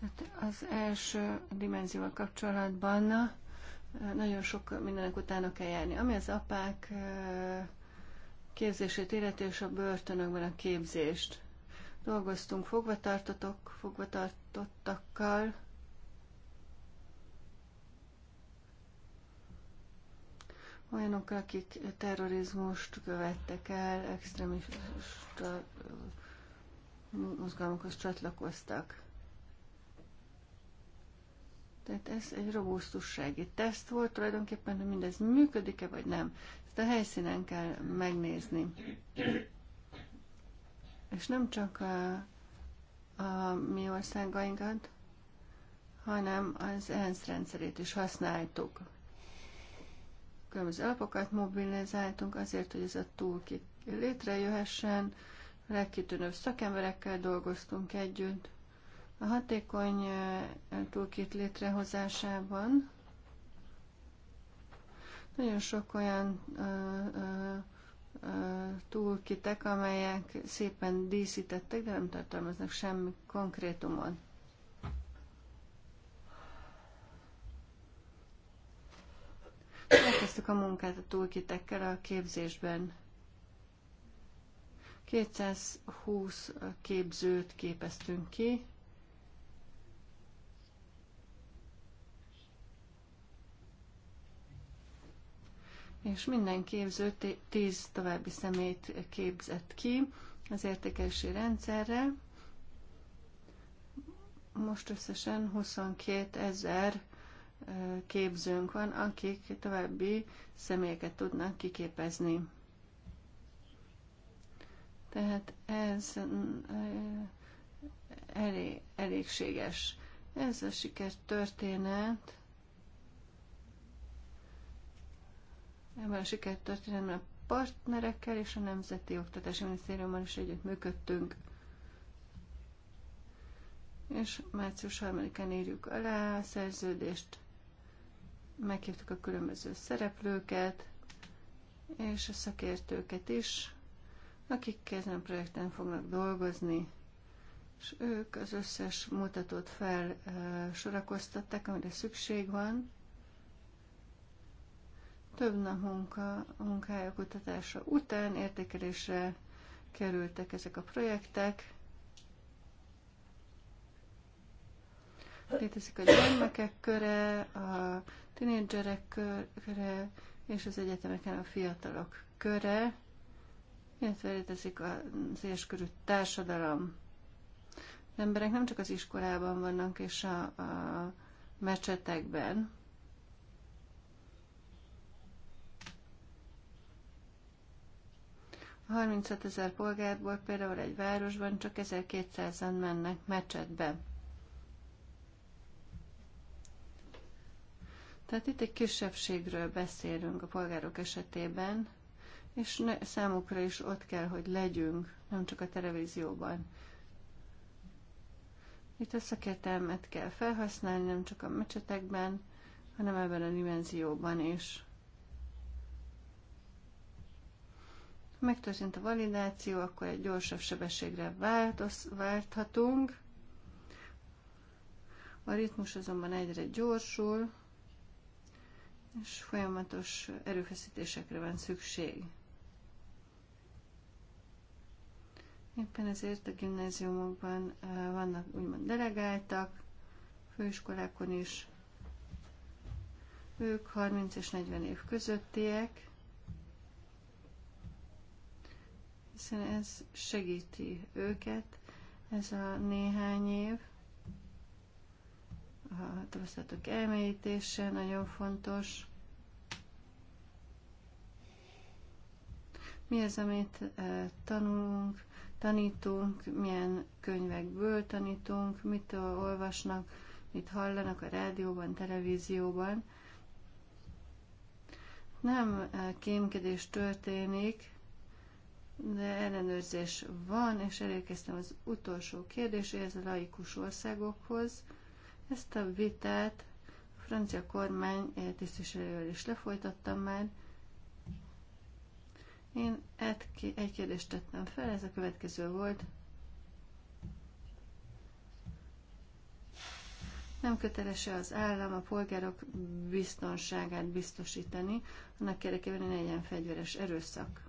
Tehát az első dimenzióval kapcsolatban eh, nagyon sok mindenek utána kell járni. Ami az apák eh, képzését illeti, és a börtönökben a képzést. Dolgoztunk fogvatartatok, fogvatartottakkal, olyanokkal, akik terrorizmust követtek el, extrémista eh, mozgalmakhoz csatlakoztak. Tehát ez egy robusztussági teszt volt tulajdonképpen, hogy mindez működik-e vagy nem. Ezt a helyszínen kell megnézni. És nem csak a, a mi országainkat, hanem az ENSZ rendszerét is használtuk. Különböző alapokat mobilizáltunk azért, hogy ez a toolkit létrejöhessen. A legkitűnőbb szakemberekkel dolgoztunk együtt, a hatékony túlkét létrehozásában nagyon sok olyan túlkitek, amelyek szépen díszítettek, de nem tartalmaznak semmi konkrétumot. Elkezdtük a munkát a túlkitekkel a képzésben. 220 képzőt képeztünk ki, és minden képző tíz további szemét képzett ki az értékelési rendszerre. Most összesen 22 ezer képzőnk van, akik további személyeket tudnak kiképezni. Tehát ez mm, elég, elégséges. Ez a sikertörténet Ebben a sikertörténetben a partnerekkel és a Nemzeti Oktatási Minisztériummal is együtt működtünk. És március 3-án írjuk alá a szerződést, meghívtuk a különböző szereplőket, és a szakértőket is, akik ezen a projekten fognak dolgozni, és ők az összes mutatót felsorakoztatták, amire szükség van, több nap munka, munkája kutatása után értékelésre kerültek ezek a projektek. Létezik a gyermekek köre, a tinédzserek köre, és az egyetemeken a fiatalok köre, illetve létezik az széles társadalom. Az emberek nem csak az iskolában vannak és a, a mecsetekben, 35 ezer polgárból például egy városban csak 1200-an mennek mecsetbe. Tehát itt egy kisebbségről beszélünk a polgárok esetében, és ne, számukra is ott kell, hogy legyünk, nem csak a televízióban. Itt a szakértelmet kell felhasználni, nem csak a mecsetekben, hanem ebben a dimenzióban is. megtörtént a validáció, akkor egy gyorsabb sebességre változ, válthatunk. A ritmus azonban egyre gyorsul, és folyamatos erőfeszítésekre van szükség. Éppen ezért a gimnáziumokban vannak úgymond delegáltak, főiskolákon is. Ők 30 és 40 év közöttiek, hiszen ez segíti őket, ez a néhány év. A tapasztalatok elmélyítése nagyon fontos. Mi az, amit e, tanulunk, tanítunk, milyen könyvekből tanítunk, mit olvasnak, mit hallanak a rádióban, televízióban. Nem e, kémkedés történik, de ellenőrzés van, és elérkeztem az utolsó kérdéséhez, a laikus országokhoz. Ezt a vitát a francia kormány eh, tisztviselővel is lefolytattam már. Én egy kérdést tettem fel, ez a következő volt. Nem kötelese az állam a polgárok biztonságát biztosítani, annak érdekében, hogy ne legyen fegyveres erőszak.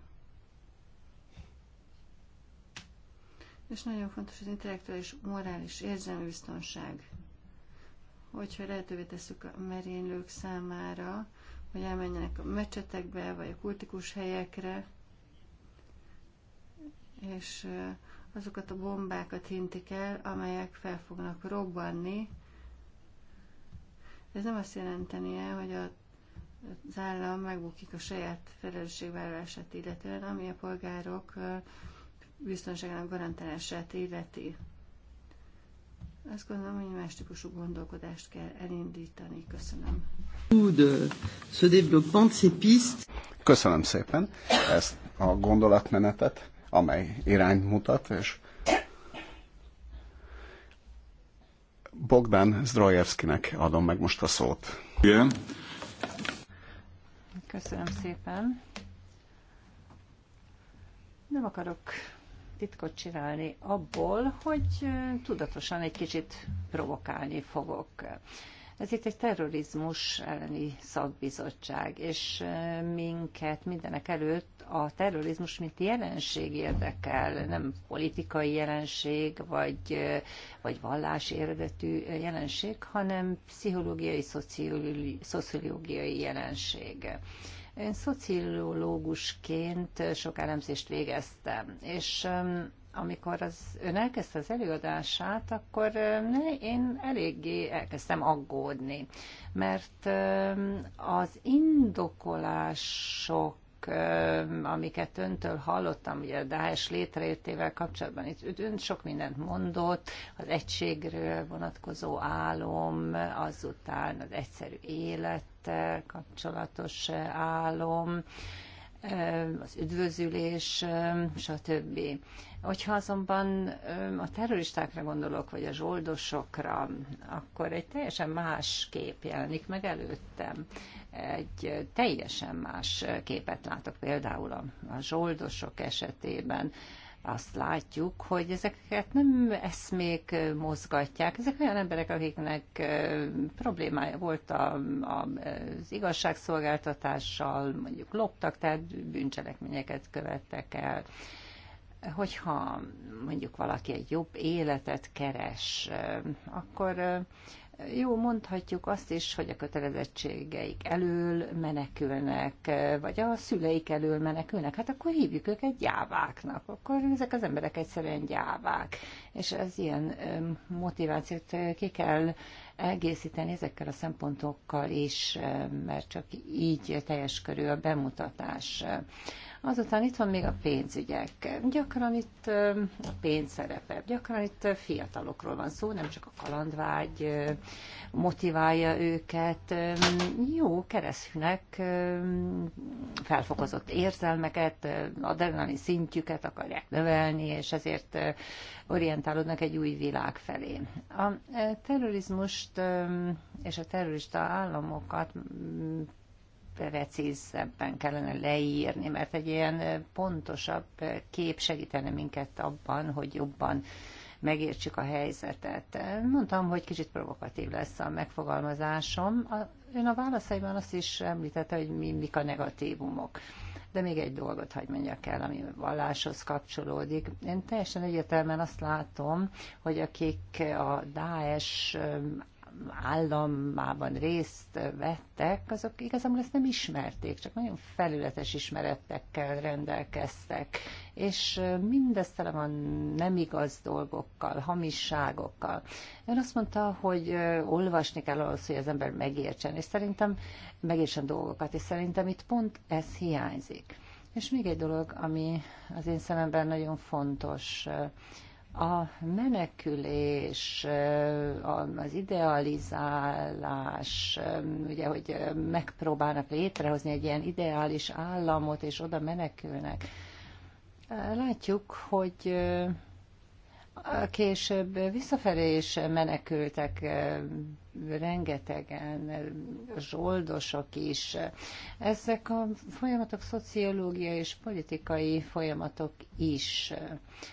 és nagyon fontos az intellektuális, morális, érzelmi biztonság. Hogyha lehetővé tesszük a merénylők számára, hogy elmenjenek a mecsetekbe, vagy a kultikus helyekre, és eh, azokat a bombákat hintik el, amelyek fel fognak robbanni. Ez nem azt jelenteni el, eh, hogy a, az állam megbukik a saját felelősségvállalását illetően, ami a polgárok eh, biztonságának garantálását illeti. Azt gondolom, hogy más típusú gondolkodást kell elindítani. Köszönöm. Köszönöm szépen ezt a gondolatmenetet, amely irányt mutat, és Bogdan Zdrojevszkinek adom meg most a szót. Igen. Köszönöm szépen. Nem akarok titkot csinálni abból, hogy tudatosan egy kicsit provokálni fogok. Ez itt egy terrorizmus elleni szakbizottság, és minket mindenek előtt a terrorizmus mint jelenség érdekel, nem politikai jelenség, vagy, vagy vallás eredetű jelenség, hanem pszichológiai, szociológiai jelenség. Én szociológusként sok elemzést végeztem, és amikor az, ön elkezdte az előadását, akkor én eléggé elkezdtem aggódni, mert az indokolások amiket öntől hallottam, ugye a Daesh létrejöttével kapcsolatban, itt ön sok mindent mondott, az egységről vonatkozó álom, azután az egyszerű élettel kapcsolatos álom, az üdvözülés, stb. Hogyha azonban a terroristákra gondolok, vagy a zsoldosokra, akkor egy teljesen más kép jelenik meg előttem egy teljesen más képet látok például a, a zsoldosok esetében. Azt látjuk, hogy ezeket nem eszmék mozgatják. Ezek olyan emberek, akiknek problémája volt a, a, az igazságszolgáltatással, mondjuk loptak, tehát bűncselekményeket követtek el hogyha mondjuk valaki egy jobb életet keres, akkor jó, mondhatjuk azt is, hogy a kötelezettségeik elől menekülnek, vagy a szüleik elől menekülnek, hát akkor hívjuk őket gyáváknak, akkor ezek az emberek egyszerűen gyávák. És az ilyen motivációt eh, ki kell egészíteni ezekkel a szempontokkal is, eh, mert csak így teljes körül a bemutatás. Azután itt van még a pénzügyek. Gyakran itt a pénz szerepe, gyakran itt fiatalokról van szó, nem csak a kalandvágy motiválja őket. Jó keresztülnek felfokozott érzelmeket, adrenalin szintjüket akarják növelni, és ezért orientálódnak egy új világ felé. A terrorizmust és a terrorista államokat precízebben kellene leírni, mert egy ilyen pontosabb kép segítene minket abban, hogy jobban megértsük a helyzetet. Mondtam, hogy kicsit provokatív lesz a megfogalmazásom. A, ön a válaszaiban azt is említette, hogy mi, mik a negatívumok. De még egy dolgot hagyd mondjak el, ami valláshoz kapcsolódik. Én teljesen egyértelműen azt látom, hogy akik a Daesh államában részt vettek, azok igazából ezt nem ismerték, csak nagyon felületes ismeretekkel rendelkeztek. És mindezt tele van nem igaz dolgokkal, hamisságokkal. Ön azt mondta, hogy olvasni kell ahhoz, hogy az ember megértsen, és szerintem megértsen dolgokat, és szerintem itt pont ez hiányzik. És még egy dolog, ami az én szememben nagyon fontos, a menekülés, az idealizálás, ugye, hogy megpróbálnak létrehozni egy ilyen ideális államot, és oda menekülnek. Látjuk, hogy Később visszafelé is menekültek rengetegen, zsoldosok is. Ezek a folyamatok szociológiai és politikai folyamatok is.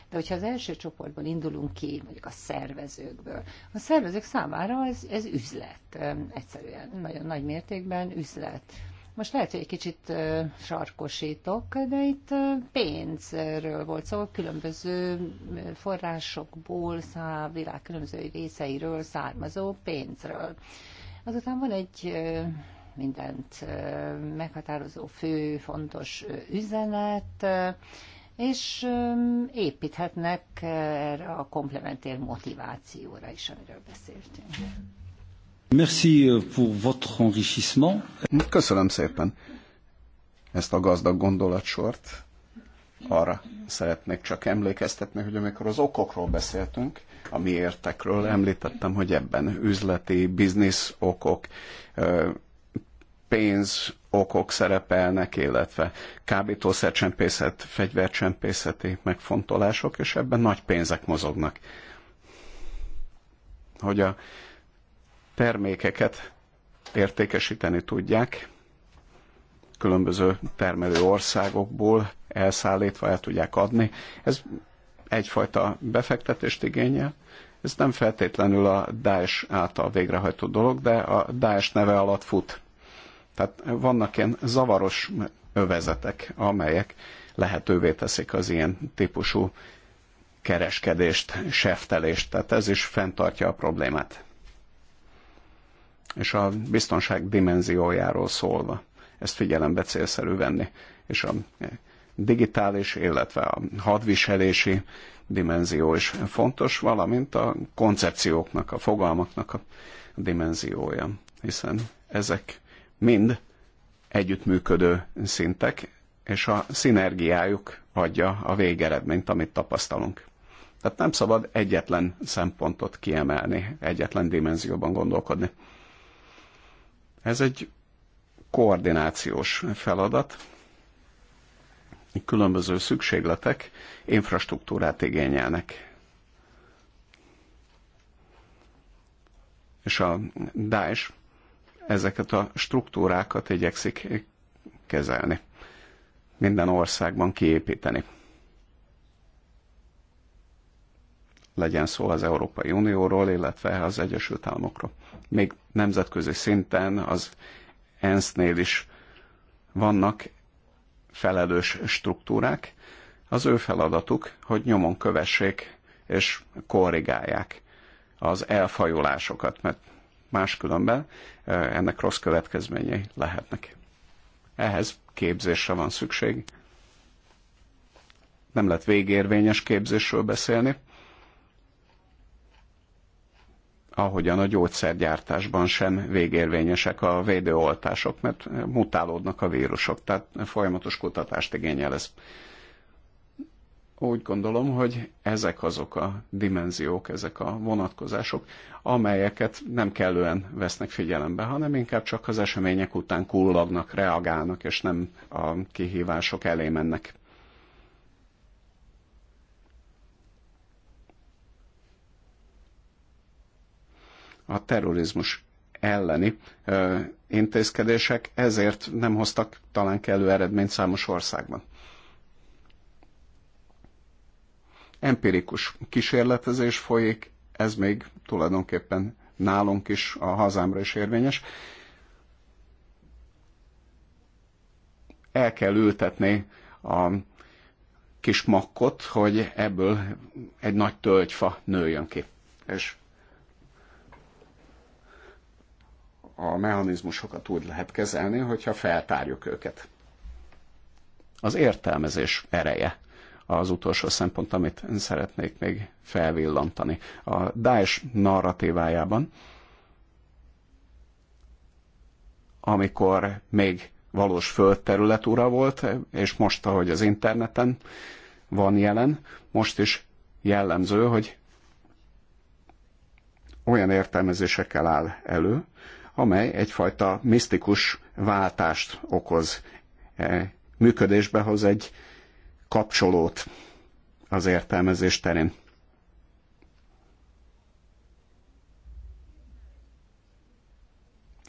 De hogyha az első csoportból indulunk ki, mondjuk a szervezőkből, a szervezők számára ez, ez üzlet. Egyszerűen nagyon nagy mértékben üzlet most lehet, hogy egy kicsit sarkosítok, de itt pénzről volt szó, szóval különböző forrásokból, szá, világ különböző részeiről származó pénzről. Azután van egy mindent meghatározó fő, fontos üzenet, és építhetnek erre a komplementér motivációra is, amiről beszéltünk. Merci euh, pour votre enrichissement. Köszönöm szépen ezt a gazdag gondolatsort. Arra szeretnék csak emlékeztetni, hogy amikor az okokról beszéltünk, a mi értekről, említettem, hogy ebben üzleti, biznisz okok, pénz okok szerepelnek, illetve kábítószercsempészet, fegyvercsempészeti megfontolások, és ebben nagy pénzek mozognak. Hogy a termékeket értékesíteni tudják, különböző termelő országokból elszállítva el tudják adni. Ez egyfajta befektetést igénye. Ez nem feltétlenül a Daesh által végrehajtó dolog, de a Daesh neve alatt fut. Tehát vannak ilyen zavaros övezetek, amelyek lehetővé teszik az ilyen típusú kereskedést, seftelést. Tehát ez is fenntartja a problémát és a biztonság dimenziójáról szólva. Ezt figyelembe célszerű venni. És a digitális, illetve a hadviselési dimenzió is fontos, valamint a koncepcióknak, a fogalmaknak a dimenziója, hiszen ezek mind együttműködő szintek, és a szinergiájuk adja a végeredményt, amit tapasztalunk. Tehát nem szabad egyetlen szempontot kiemelni, egyetlen dimenzióban gondolkodni. Ez egy koordinációs feladat. Különböző szükségletek infrastruktúrát igényelnek. És a Daesh ezeket a struktúrákat igyekszik kezelni. Minden országban kiépíteni. Legyen szó az Európai Unióról, illetve az Egyesült Államokról. Még nemzetközi szinten az ENSZ-nél is vannak felelős struktúrák. Az ő feladatuk, hogy nyomon kövessék és korrigálják az elfajulásokat, mert máskülönben ennek rossz következményei lehetnek. Ehhez képzésre van szükség. Nem lehet végérvényes képzésről beszélni, ahogyan a gyógyszergyártásban sem végérvényesek a védőoltások, mert mutálódnak a vírusok, tehát folyamatos kutatást igényel ez. Úgy gondolom, hogy ezek azok a dimenziók, ezek a vonatkozások, amelyeket nem kellően vesznek figyelembe, hanem inkább csak az események után kullognak, reagálnak, és nem a kihívások elé mennek. a terrorizmus elleni ö, intézkedések ezért nem hoztak talán kellő eredményt számos országban. Empirikus kísérletezés folyik, ez még tulajdonképpen nálunk is, a hazámra is érvényes. El kell ültetni a kis makkot, hogy ebből egy nagy tölgyfa nőjön ki. És a mechanizmusokat úgy lehet kezelni, hogyha feltárjuk őket. Az értelmezés ereje az utolsó szempont, amit szeretnék még felvillantani. A Daesh narratívájában, amikor még valós földterület ura volt, és most, ahogy az interneten van jelen, most is jellemző, hogy olyan értelmezésekkel áll elő, amely egyfajta misztikus váltást okoz. E, működésbe hoz egy kapcsolót az értelmezés terén.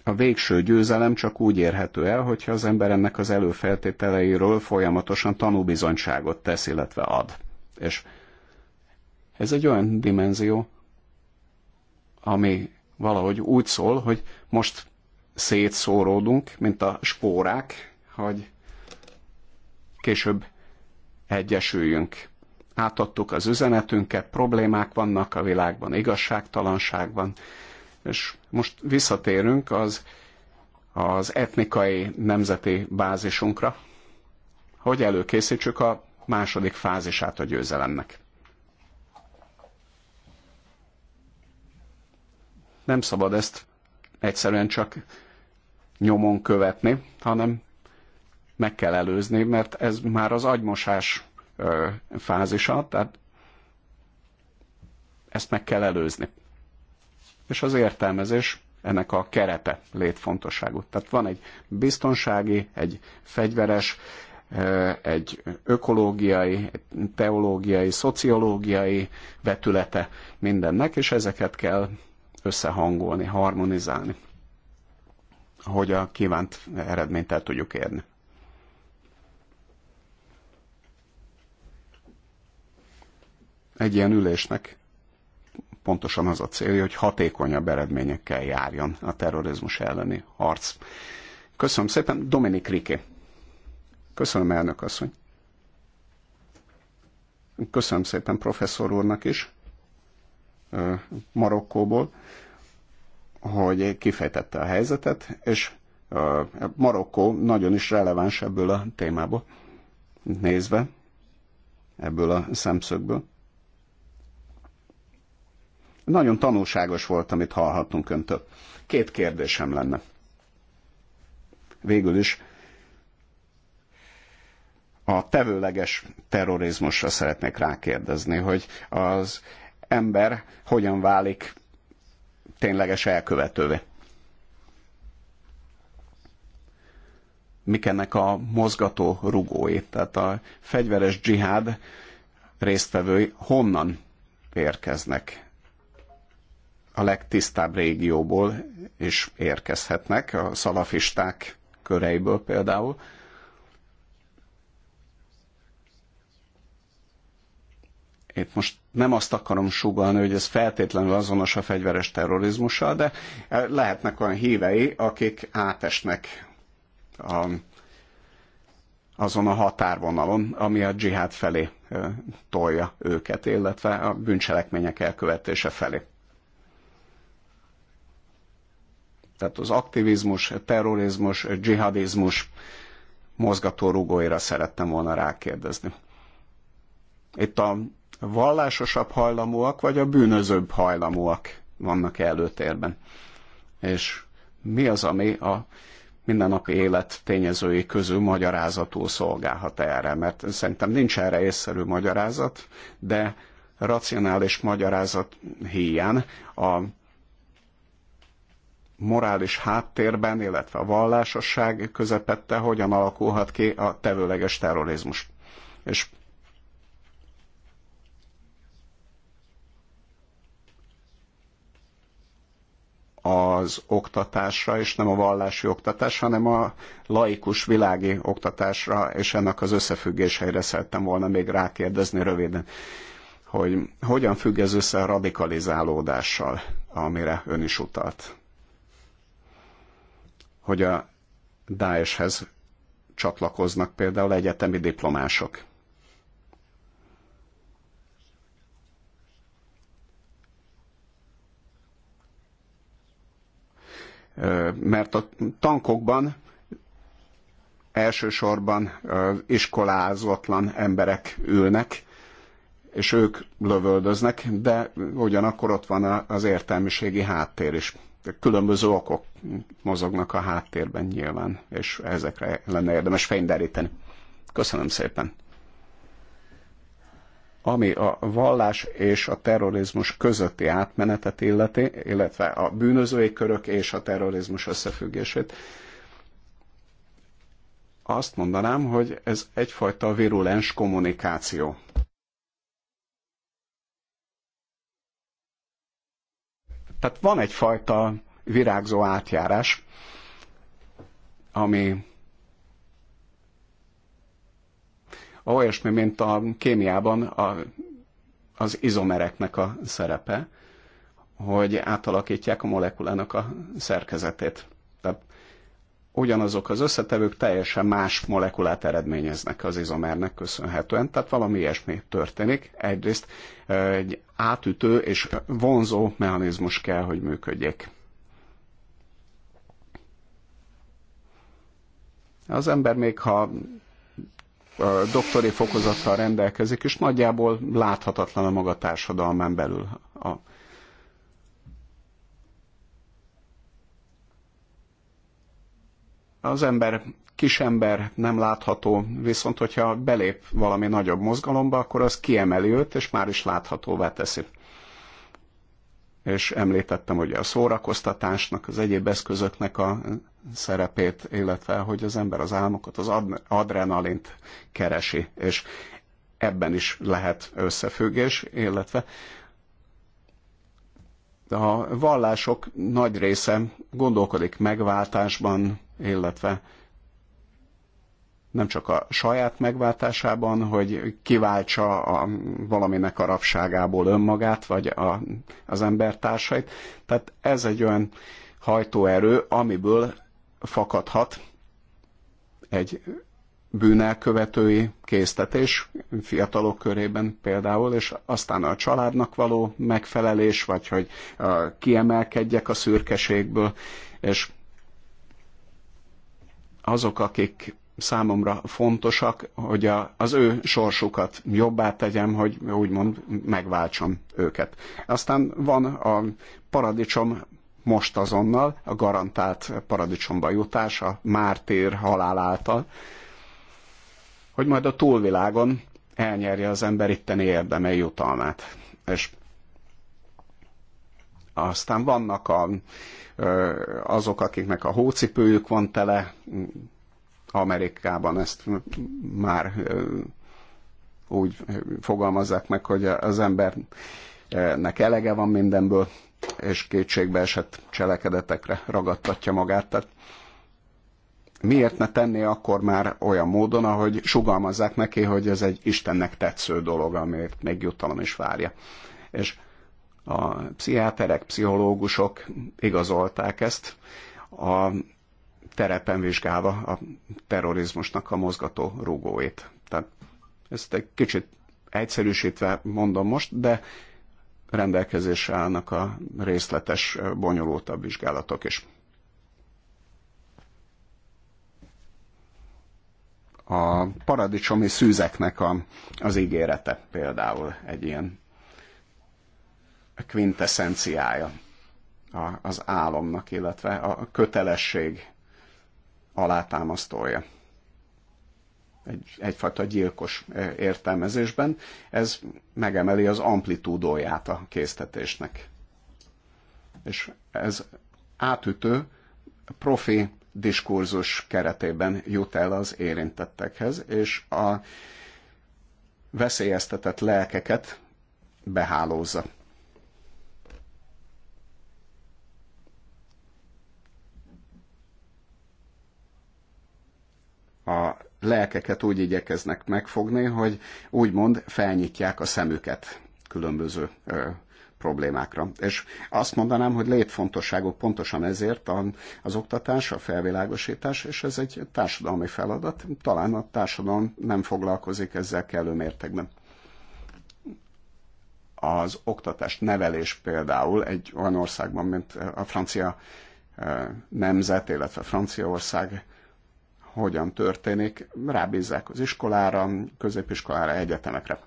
a végső győzelem csak úgy érhető el, hogyha az ember ennek az előfeltételeiről folyamatosan tanúbizonyságot tesz, illetve ad. És ez egy olyan dimenzió, ami valahogy úgy szól, hogy most szétszóródunk, mint a spórák, hogy később egyesüljünk. Átadtuk az üzenetünket, problémák vannak a világban, igazságtalanságban, van, és most visszatérünk az, az etnikai nemzeti bázisunkra, hogy előkészítsük a második fázisát a győzelemnek. Nem szabad ezt egyszerűen csak nyomon követni, hanem meg kell előzni, mert ez már az agymosás fázisa, tehát ezt meg kell előzni. És az értelmezés ennek a kerete létfontosságú. Tehát van egy biztonsági, egy fegyveres, egy ökológiai, teológiai, szociológiai vetülete mindennek, és ezeket kell összehangolni, harmonizálni, hogy a kívánt eredményt el tudjuk érni. Egy ilyen ülésnek pontosan az a célja, hogy hatékonyabb eredményekkel járjon a terrorizmus elleni harc. Köszönöm szépen, Dominik Riké. Köszönöm, elnök asszony. Köszönöm szépen professzor úrnak is Marokkóból, hogy kifejtette a helyzetet, és Marokkó nagyon is releváns ebből a témából nézve, ebből a szemszögből. Nagyon tanulságos volt, amit hallhattunk öntől. Két kérdésem lenne. Végül is a tevőleges terrorizmusra szeretnék rákérdezni, hogy az ember hogyan válik tényleges elkövetővé. Mik ennek a mozgató rugói? Tehát a fegyveres dzsihád résztvevői honnan érkeznek? A legtisztább régióból is érkezhetnek, a szalafisták köreiből például. Itt most nem azt akarom sugalni, hogy ez feltétlenül azonos a fegyveres terrorizmussal, de lehetnek olyan hívei, akik átesnek a, azon a határvonalon, ami a dzsihád felé tolja őket, illetve a bűncselekmények elkövetése felé. Tehát az aktivizmus, terrorizmus, dzsihadizmus mozgató rugóira szerettem volna rákérdezni. Itt a vallásosabb hajlamúak, vagy a bűnözőbb hajlamúak vannak előtérben. És mi az, ami a mindennapi élet tényezői közül magyarázatul szolgálhat erre, mert szerintem nincs erre észszerű magyarázat, de racionális magyarázat híján a morális háttérben, illetve a vallásosság közepette hogyan alakulhat ki a tevőleges terrorizmus. És az oktatásra, és nem a vallási oktatásra, hanem a laikus világi oktatásra, és ennek az összefüggéseire szerettem volna még rákérdezni röviden, hogy hogyan függ ez össze a radikalizálódással, amire ön is utalt. Hogy a Daeshez csatlakoznak például egyetemi diplomások. mert a tankokban elsősorban iskolázatlan emberek ülnek, és ők lövöldöznek, de ugyanakkor ott van az értelmiségi háttér is. Különböző okok mozognak a háttérben nyilván, és ezekre lenne érdemes fényderíteni. Köszönöm szépen! ami a vallás és a terrorizmus közötti átmenetet illeti, illetve a bűnözői körök és a terrorizmus összefüggését. Azt mondanám, hogy ez egyfajta virulens kommunikáció. Tehát van egyfajta virágzó átjárás, ami olyasmi, mint a kémiában a, az izomereknek a szerepe, hogy átalakítják a molekulának a szerkezetét. Tehát ugyanazok az összetevők teljesen más molekulát eredményeznek az izomernek köszönhetően, tehát valami ilyesmi történik. Egyrészt egy átütő és vonzó mechanizmus kell, hogy működjék. Az ember még ha doktori fokozattal rendelkezik, és nagyjából láthatatlan a maga társadalmán belül. A... Az ember kis ember, nem látható, viszont hogyha belép valami nagyobb mozgalomba, akkor az kiemeli őt, és már is láthatóvá teszi és említettem ugye a szórakoztatásnak, az egyéb eszközöknek a szerepét, illetve hogy az ember az álmokat, az adrenalint keresi, és ebben is lehet összefüggés, illetve a vallások nagy része gondolkodik megváltásban, illetve nem csak a saját megváltásában, hogy kiváltsa a, valaminek a rabságából önmagát, vagy a, az embertársait. Tehát ez egy olyan hajtóerő, amiből fakadhat egy bűnelkövetői késztetés fiatalok körében például, és aztán a családnak való megfelelés, vagy hogy kiemelkedjek a szürkeségből, és azok, akik számomra fontosak, hogy a, az ő sorsukat jobbá tegyem, hogy úgymond megváltsam őket. Aztán van a paradicsom most azonnal, a garantált paradicsomba jutás, a mártér halál által, hogy majd a túlvilágon elnyerje az ember itteni érdemei jutalmát. És aztán vannak a, azok, akiknek a hócipőjük van tele Amerikában ezt már úgy fogalmazzák meg, hogy az embernek elege van mindenből, és kétségbeesett cselekedetekre ragadtatja magát. Tehát miért ne tenné akkor már olyan módon, ahogy sugalmazzák neki, hogy ez egy Istennek tetsző dolog, amit még juttalom is várja. És a pszichiáterek, pszichológusok igazolták ezt. A terepen vizsgálva a terrorizmusnak a mozgató rugóit. Tehát ezt egy kicsit egyszerűsítve mondom most, de rendelkezésre állnak a részletes, bonyolultabb vizsgálatok is. A paradicsomi szűzeknek a, az ígérete például egy ilyen kvinteszenciája az álomnak, illetve a kötelesség alátámasztolja. Egy, egyfajta gyilkos értelmezésben ez megemeli az amplitúdóját a késztetésnek. És ez átütő profi diskurzus keretében jut el az érintettekhez, és a veszélyeztetett lelkeket behálózza lelkeket úgy igyekeznek megfogni, hogy úgymond felnyitják a szemüket különböző ö, problémákra. És azt mondanám, hogy létfontosságú pontosan ezért a, az oktatás, a felvilágosítás, és ez egy társadalmi feladat. Talán a társadalom nem foglalkozik ezzel kellő mértékben. Az oktatás nevelés például egy olyan országban, mint a francia nemzet, illetve Franciaország hogyan történik, rábízzák az iskolára, középiskolára, egyetemekre.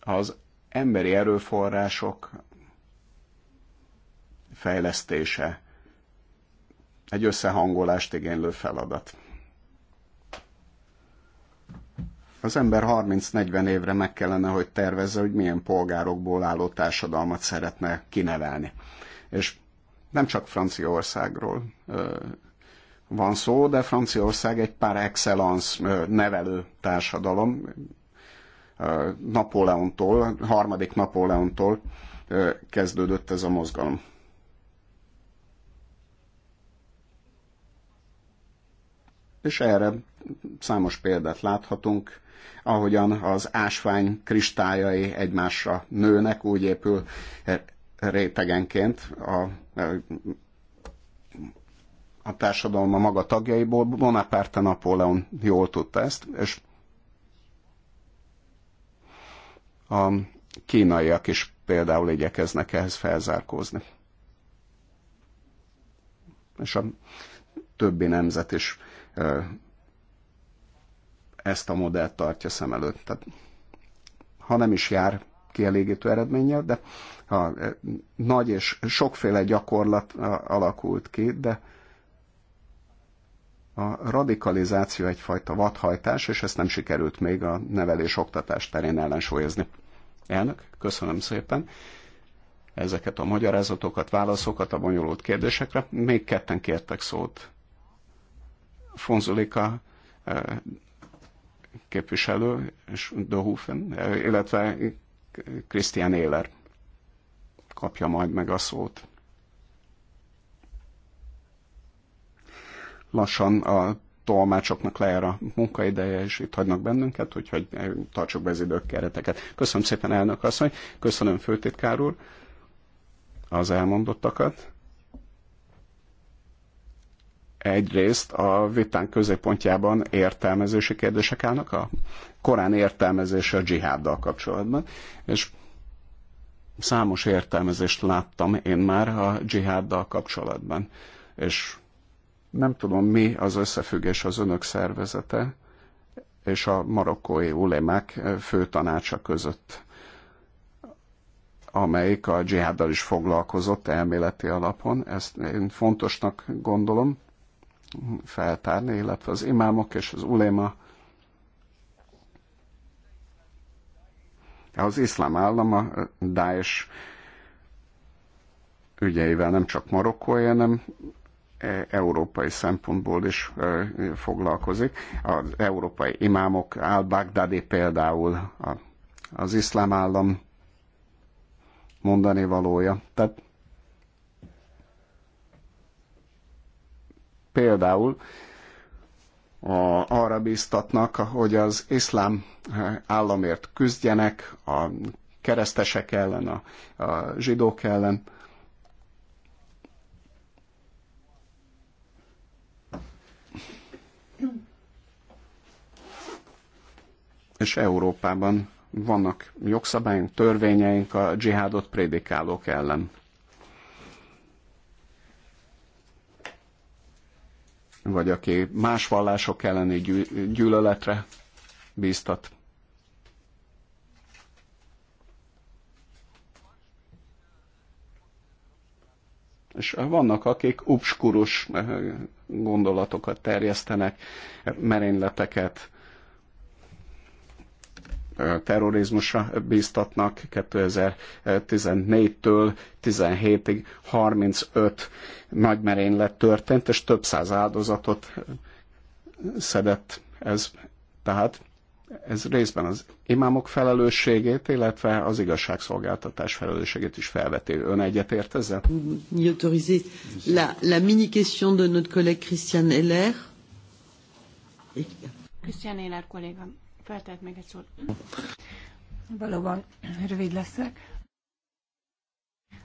Az emberi erőforrások fejlesztése egy összehangolást igénylő feladat. Az ember 30-40 évre meg kellene, hogy tervezze, hogy milyen polgárokból álló társadalmat szeretne kinevelni. És nem csak Franciaországról van szó, de Franciaország egy pár excellence nevelő társadalom, Napóleontól, harmadik Napóleontól kezdődött ez a mozgalom. És erre számos példát láthatunk, ahogyan az ásvány kristályai egymásra nőnek, úgy épül rétegenként a a a maga tagjaiból, Bonaparte Napóleon jól tudta ezt, és a kínaiak is például igyekeznek ehhez felzárkózni. És a többi nemzet is ezt a modellt tartja szem előtt. Tehát, ha nem is jár kielégítő eredménnyel, de ha, nagy és sokféle gyakorlat alakult ki, de a radikalizáció egyfajta vadhajtás, és ezt nem sikerült még a nevelés-oktatás terén ellensúlyozni. Elnök, köszönöm szépen ezeket a magyarázatokat, válaszokat a bonyolult kérdésekre. Még ketten kértek szót. Fonzulika eh, képviselő, és Dohufen, eh, illetve Christian Éler kapja majd meg a szót. lassan a tolmácsoknak lejár a munkaideje, és itt hagynak bennünket, úgyhogy eh, tartsuk be az időkereteket. Köszönöm szépen, elnök asszony, köszönöm főtitkár úr az elmondottakat. Egyrészt a vitán középpontjában értelmezési kérdések állnak, a korán értelmezése a dzsiháddal kapcsolatban, és számos értelmezést láttam én már a dzsiháddal kapcsolatban, és nem tudom, mi az összefüggés az önök szervezete és a marokkói ulemák főtanácsa között, amelyik a dzsihaddal is foglalkozott elméleti alapon. Ezt én fontosnak gondolom feltárni, illetve az imámok és az uléma az iszlám állam a Daesh ügyeivel nem csak Marokkói, hanem E, európai szempontból is e, foglalkozik. Az európai imámok, Al-Baghdadi például az iszlám állam mondani valója. Tehát például a, arra bíztatnak, hogy az iszlám e, államért küzdjenek, a keresztesek ellen, a, a zsidók ellen, és Európában vannak jogszabályunk, törvényeink a dzsihádot prédikálók ellen. Vagy aki más vallások elleni gyűlöletre bíztat. És vannak, akik upskurus eh, gondolatokat terjesztenek, merényleteket, terrorizmusra bíztatnak 2014-től 17-ig 35 nagymerénylet történt, és több száz áldozatot szedett ez. Tehát ez részben az imámok felelősségét, illetve az igazságszolgáltatás felelősségét is felveti. Ön egyetért ezzel? Ni autorisé. La, la mini question de notre collègue Christian Heller. Christian Heller kolléga. Feltehet még egy szót. Valóban rövid leszek.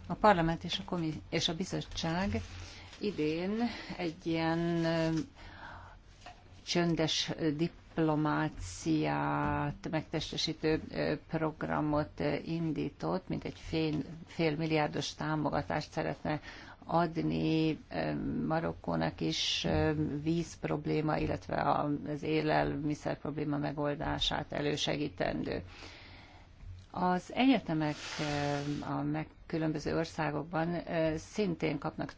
A parlament és a, komi- és a bizottság idén egy ilyen csöndes diplomáciát megtestesítő programot indított, mint egy fél, fél milliárdos támogatást szeretne adni Marokkónak is víz probléma, illetve az élelmiszer probléma megoldását elősegítendő. Az egyetemek a meg különböző országokban szintén kapnak,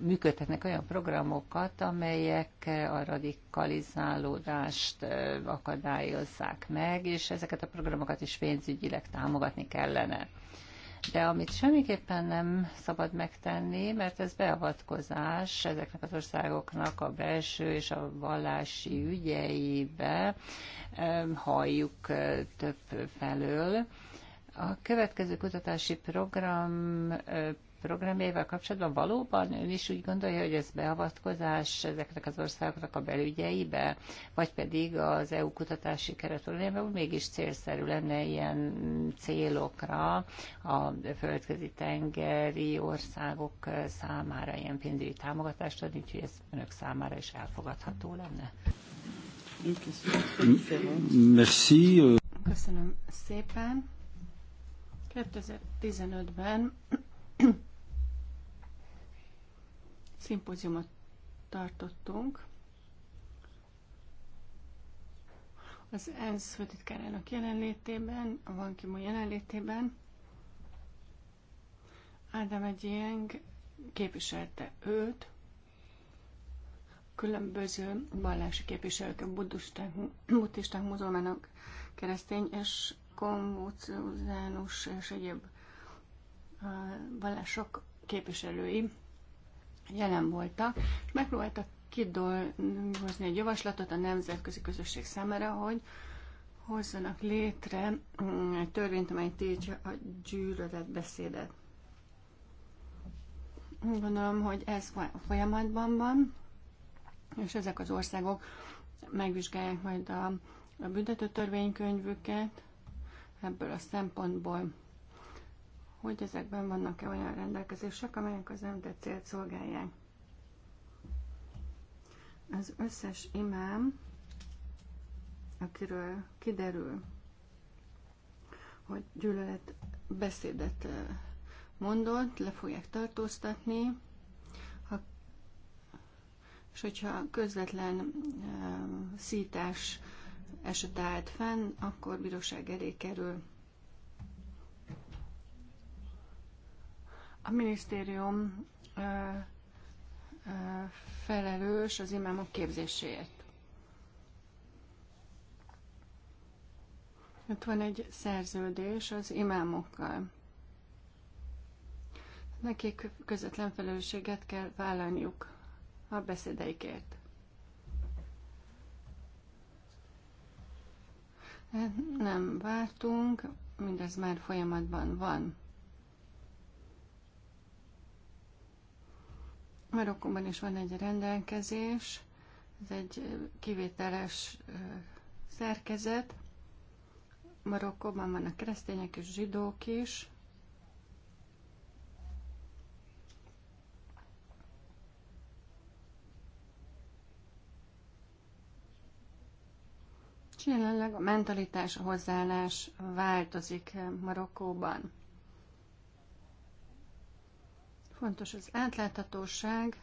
működhetnek olyan programokat, amelyek a radikalizálódást akadályozzák meg, és ezeket a programokat is pénzügyileg támogatni kellene. De amit semmiképpen nem szabad megtenni, mert ez beavatkozás ezeknek az országoknak a belső és a vallási ügyeibe halljuk eh, több felől. A következő kutatási program eh, programjával kapcsolatban valóban ön is úgy gondolja, hogy ez beavatkozás ezeknek az országoknak a belügyeibe, vagy pedig az EU kutatási keretolajában mégis célszerű lenne ilyen célokra a földközi tengeri országok számára ilyen pénzügyi támogatást adni, úgyhogy ez önök számára is elfogadható lenne. Merci. Euh. Köszönöm szépen. 2015-ben szimpóziumot tartottunk. Az ENSZ főtitkárának jelenlétében, a Van Kimo jelenlétében Ádám Egyéng képviselte őt, különböző vallási képviselők, buddhisták, buddhisták, muzulmánok, keresztény és konfuciánus és egyéb uh, vallások képviselői jelen voltak, és megpróbáltak kidolgozni egy javaslatot a nemzetközi közösség számára, hogy hozzanak létre mm, egy törvényt, amely tiltja a gyűlöletbeszédet. Gondolom, hogy ez folyamatban van, és ezek az országok megvizsgálják majd a, a büntető törvénykönyvüket ebből a szempontból hogy ezekben vannak-e olyan rendelkezések, amelyek az említett célt szolgálják. Az összes imám, akiről kiderül, hogy gyűlölet beszédet mondott, le fogják tartóztatni, ha, és hogyha közvetlen uh, szítás eset állt fenn, akkor bíróság elé kerül. A minisztérium felelős az imámok képzéséért. Itt van egy szerződés az imámokkal. Nekik közvetlen felelősséget kell vállalniuk a beszédeikért. Nem vártunk, mindez már folyamatban van. Marokkóban is van egy rendelkezés, ez egy kivételes szerkezet. Marokkóban vannak keresztények és zsidók is. És jelenleg a mentalitás, a hozzáállás változik Marokkóban. Fontos az átláthatóság,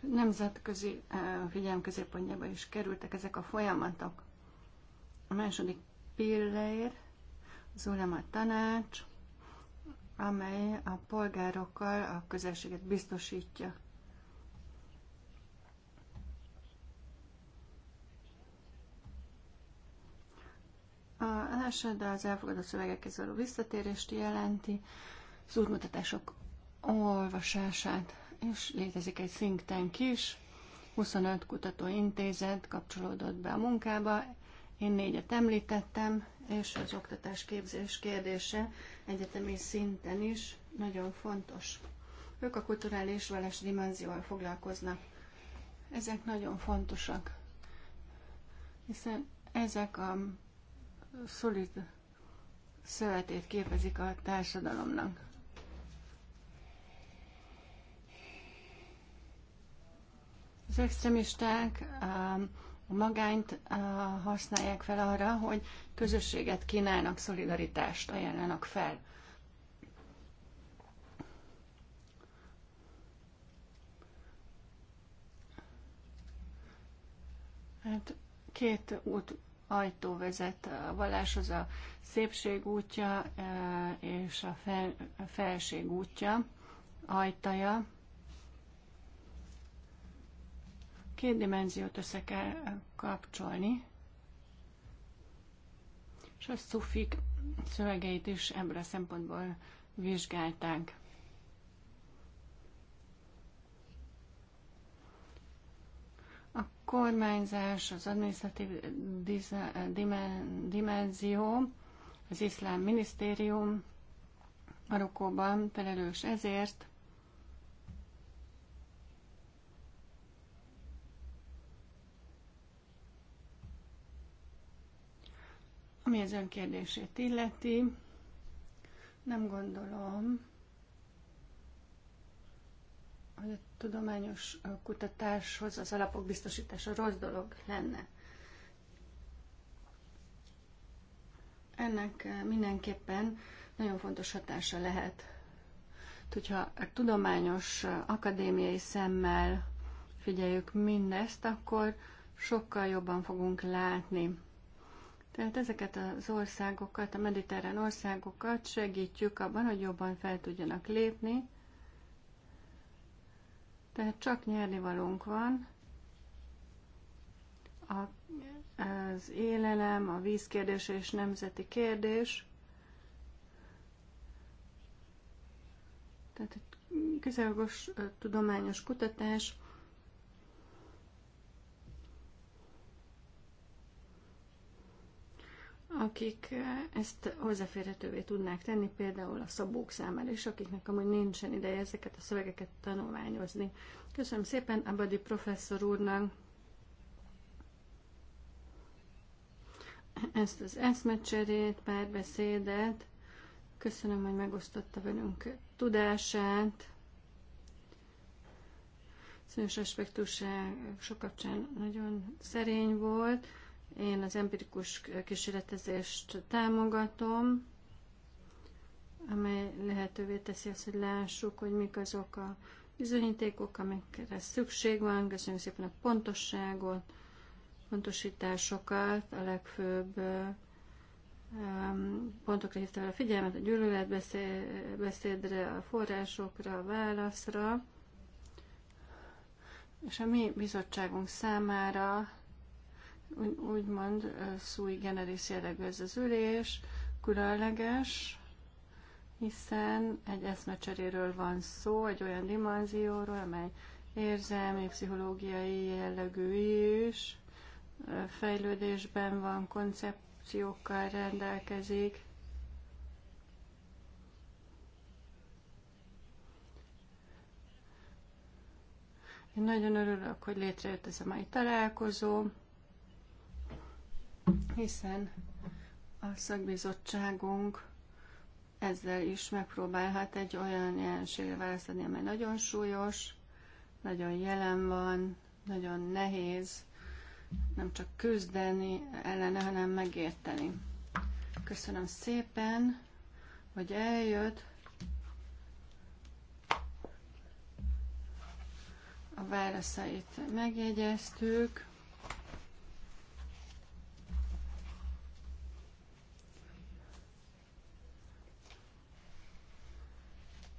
nemzetközi eh, figyelm középpontjába is kerültek ezek a folyamatok. A második pillér az a tanács, amely a polgárokkal a közelséget biztosítja. az de az elfogadott szövegekhez való visszatérést jelenti, az útmutatások olvasását, és létezik egy think tank is, 25 kutatóintézet kapcsolódott be a munkába, én négyet említettem, és az oktatás képzés kérdése egyetemi szinten is nagyon fontos. Ők a kulturális vallás dimenzióval foglalkoznak. Ezek nagyon fontosak, hiszen ezek a szolid szövetét képezik a társadalomnak. Az extremisták um, a magányt uh, használják fel arra, hogy közösséget kínálnak, szolidaritást ajánlanak fel. Hát két út ajtó vezet a valláshoz, a szépség útja e, és a, fel, a felség útja, ajtaja. Két dimenziót össze kell e, kapcsolni, és a szufik szövegeit is ebből a szempontból vizsgálták. kormányzás, az adminisztratív dimenzió, az iszlám minisztérium Marokkóban felelős ezért, Ami az kérdését illeti, nem gondolom, hogy a tudományos kutatáshoz az alapok biztosítása rossz dolog lenne. Ennek mindenképpen nagyon fontos hatása lehet. Hogyha a tudományos akadémiai szemmel figyeljük mindezt, akkor sokkal jobban fogunk látni. Tehát ezeket az országokat, a mediterrán országokat segítjük abban, hogy jobban fel tudjanak lépni, tehát csak nyernivalónk van. A, az élelem, a vízkérdés és nemzeti kérdés. Tehát egy kizárólagos tudományos kutatás akik eh, ezt hozzáférhetővé tudnák tenni, például a szabók számára is, akiknek amúgy nincsen ideje ezeket a szövegeket tanulmányozni. Köszönöm szépen Abadi professzor úrnak ezt az eszmecserét, párbeszédet. Köszönöm, hogy megosztotta velünk tudását. Szűnös aspektus sokapcsán nagyon szerény volt. Én az empirikus kísérletezést támogatom, amely lehetővé teszi azt, hogy lássuk, hogy mik azok a bizonyítékok, amikre szükség van. Köszönjük szépen a pontosságot, pontosításokat, a legfőbb pontokra hívta a figyelmet, a gyűlöletbeszédre, a forrásokra, a válaszra. És a mi bizottságunk számára úgymond sui generis jellegű ez az ülés, különleges, hiszen egy eszmecseréről van szó, egy olyan dimenzióról, amely érzelmi, pszichológiai jellegű is, fejlődésben van, koncepciókkal rendelkezik. Én nagyon örülök, hogy létrejött ez a mai találkozó hiszen a szakbizottságunk ezzel is megpróbálhat egy olyan jelenségre választani, amely nagyon súlyos, nagyon jelen van, nagyon nehéz, nem csak küzdeni ellene, hanem megérteni. Köszönöm szépen, hogy eljött. A válaszait megjegyeztük.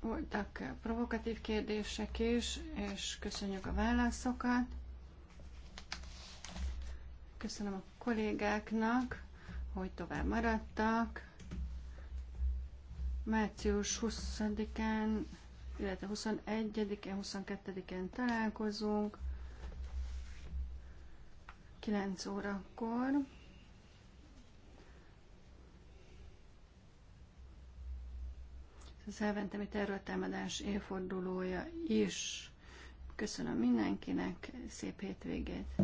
Voltak provokatív kérdések is, és köszönjük a válaszokat. Köszönöm a kollégáknak, hogy tovább maradtak. Március 20-án, illetve 21-én, 22-én találkozunk. 9 órakor. az elventemi terrortámadás évfordulója is. Köszönöm mindenkinek, szép hétvégét!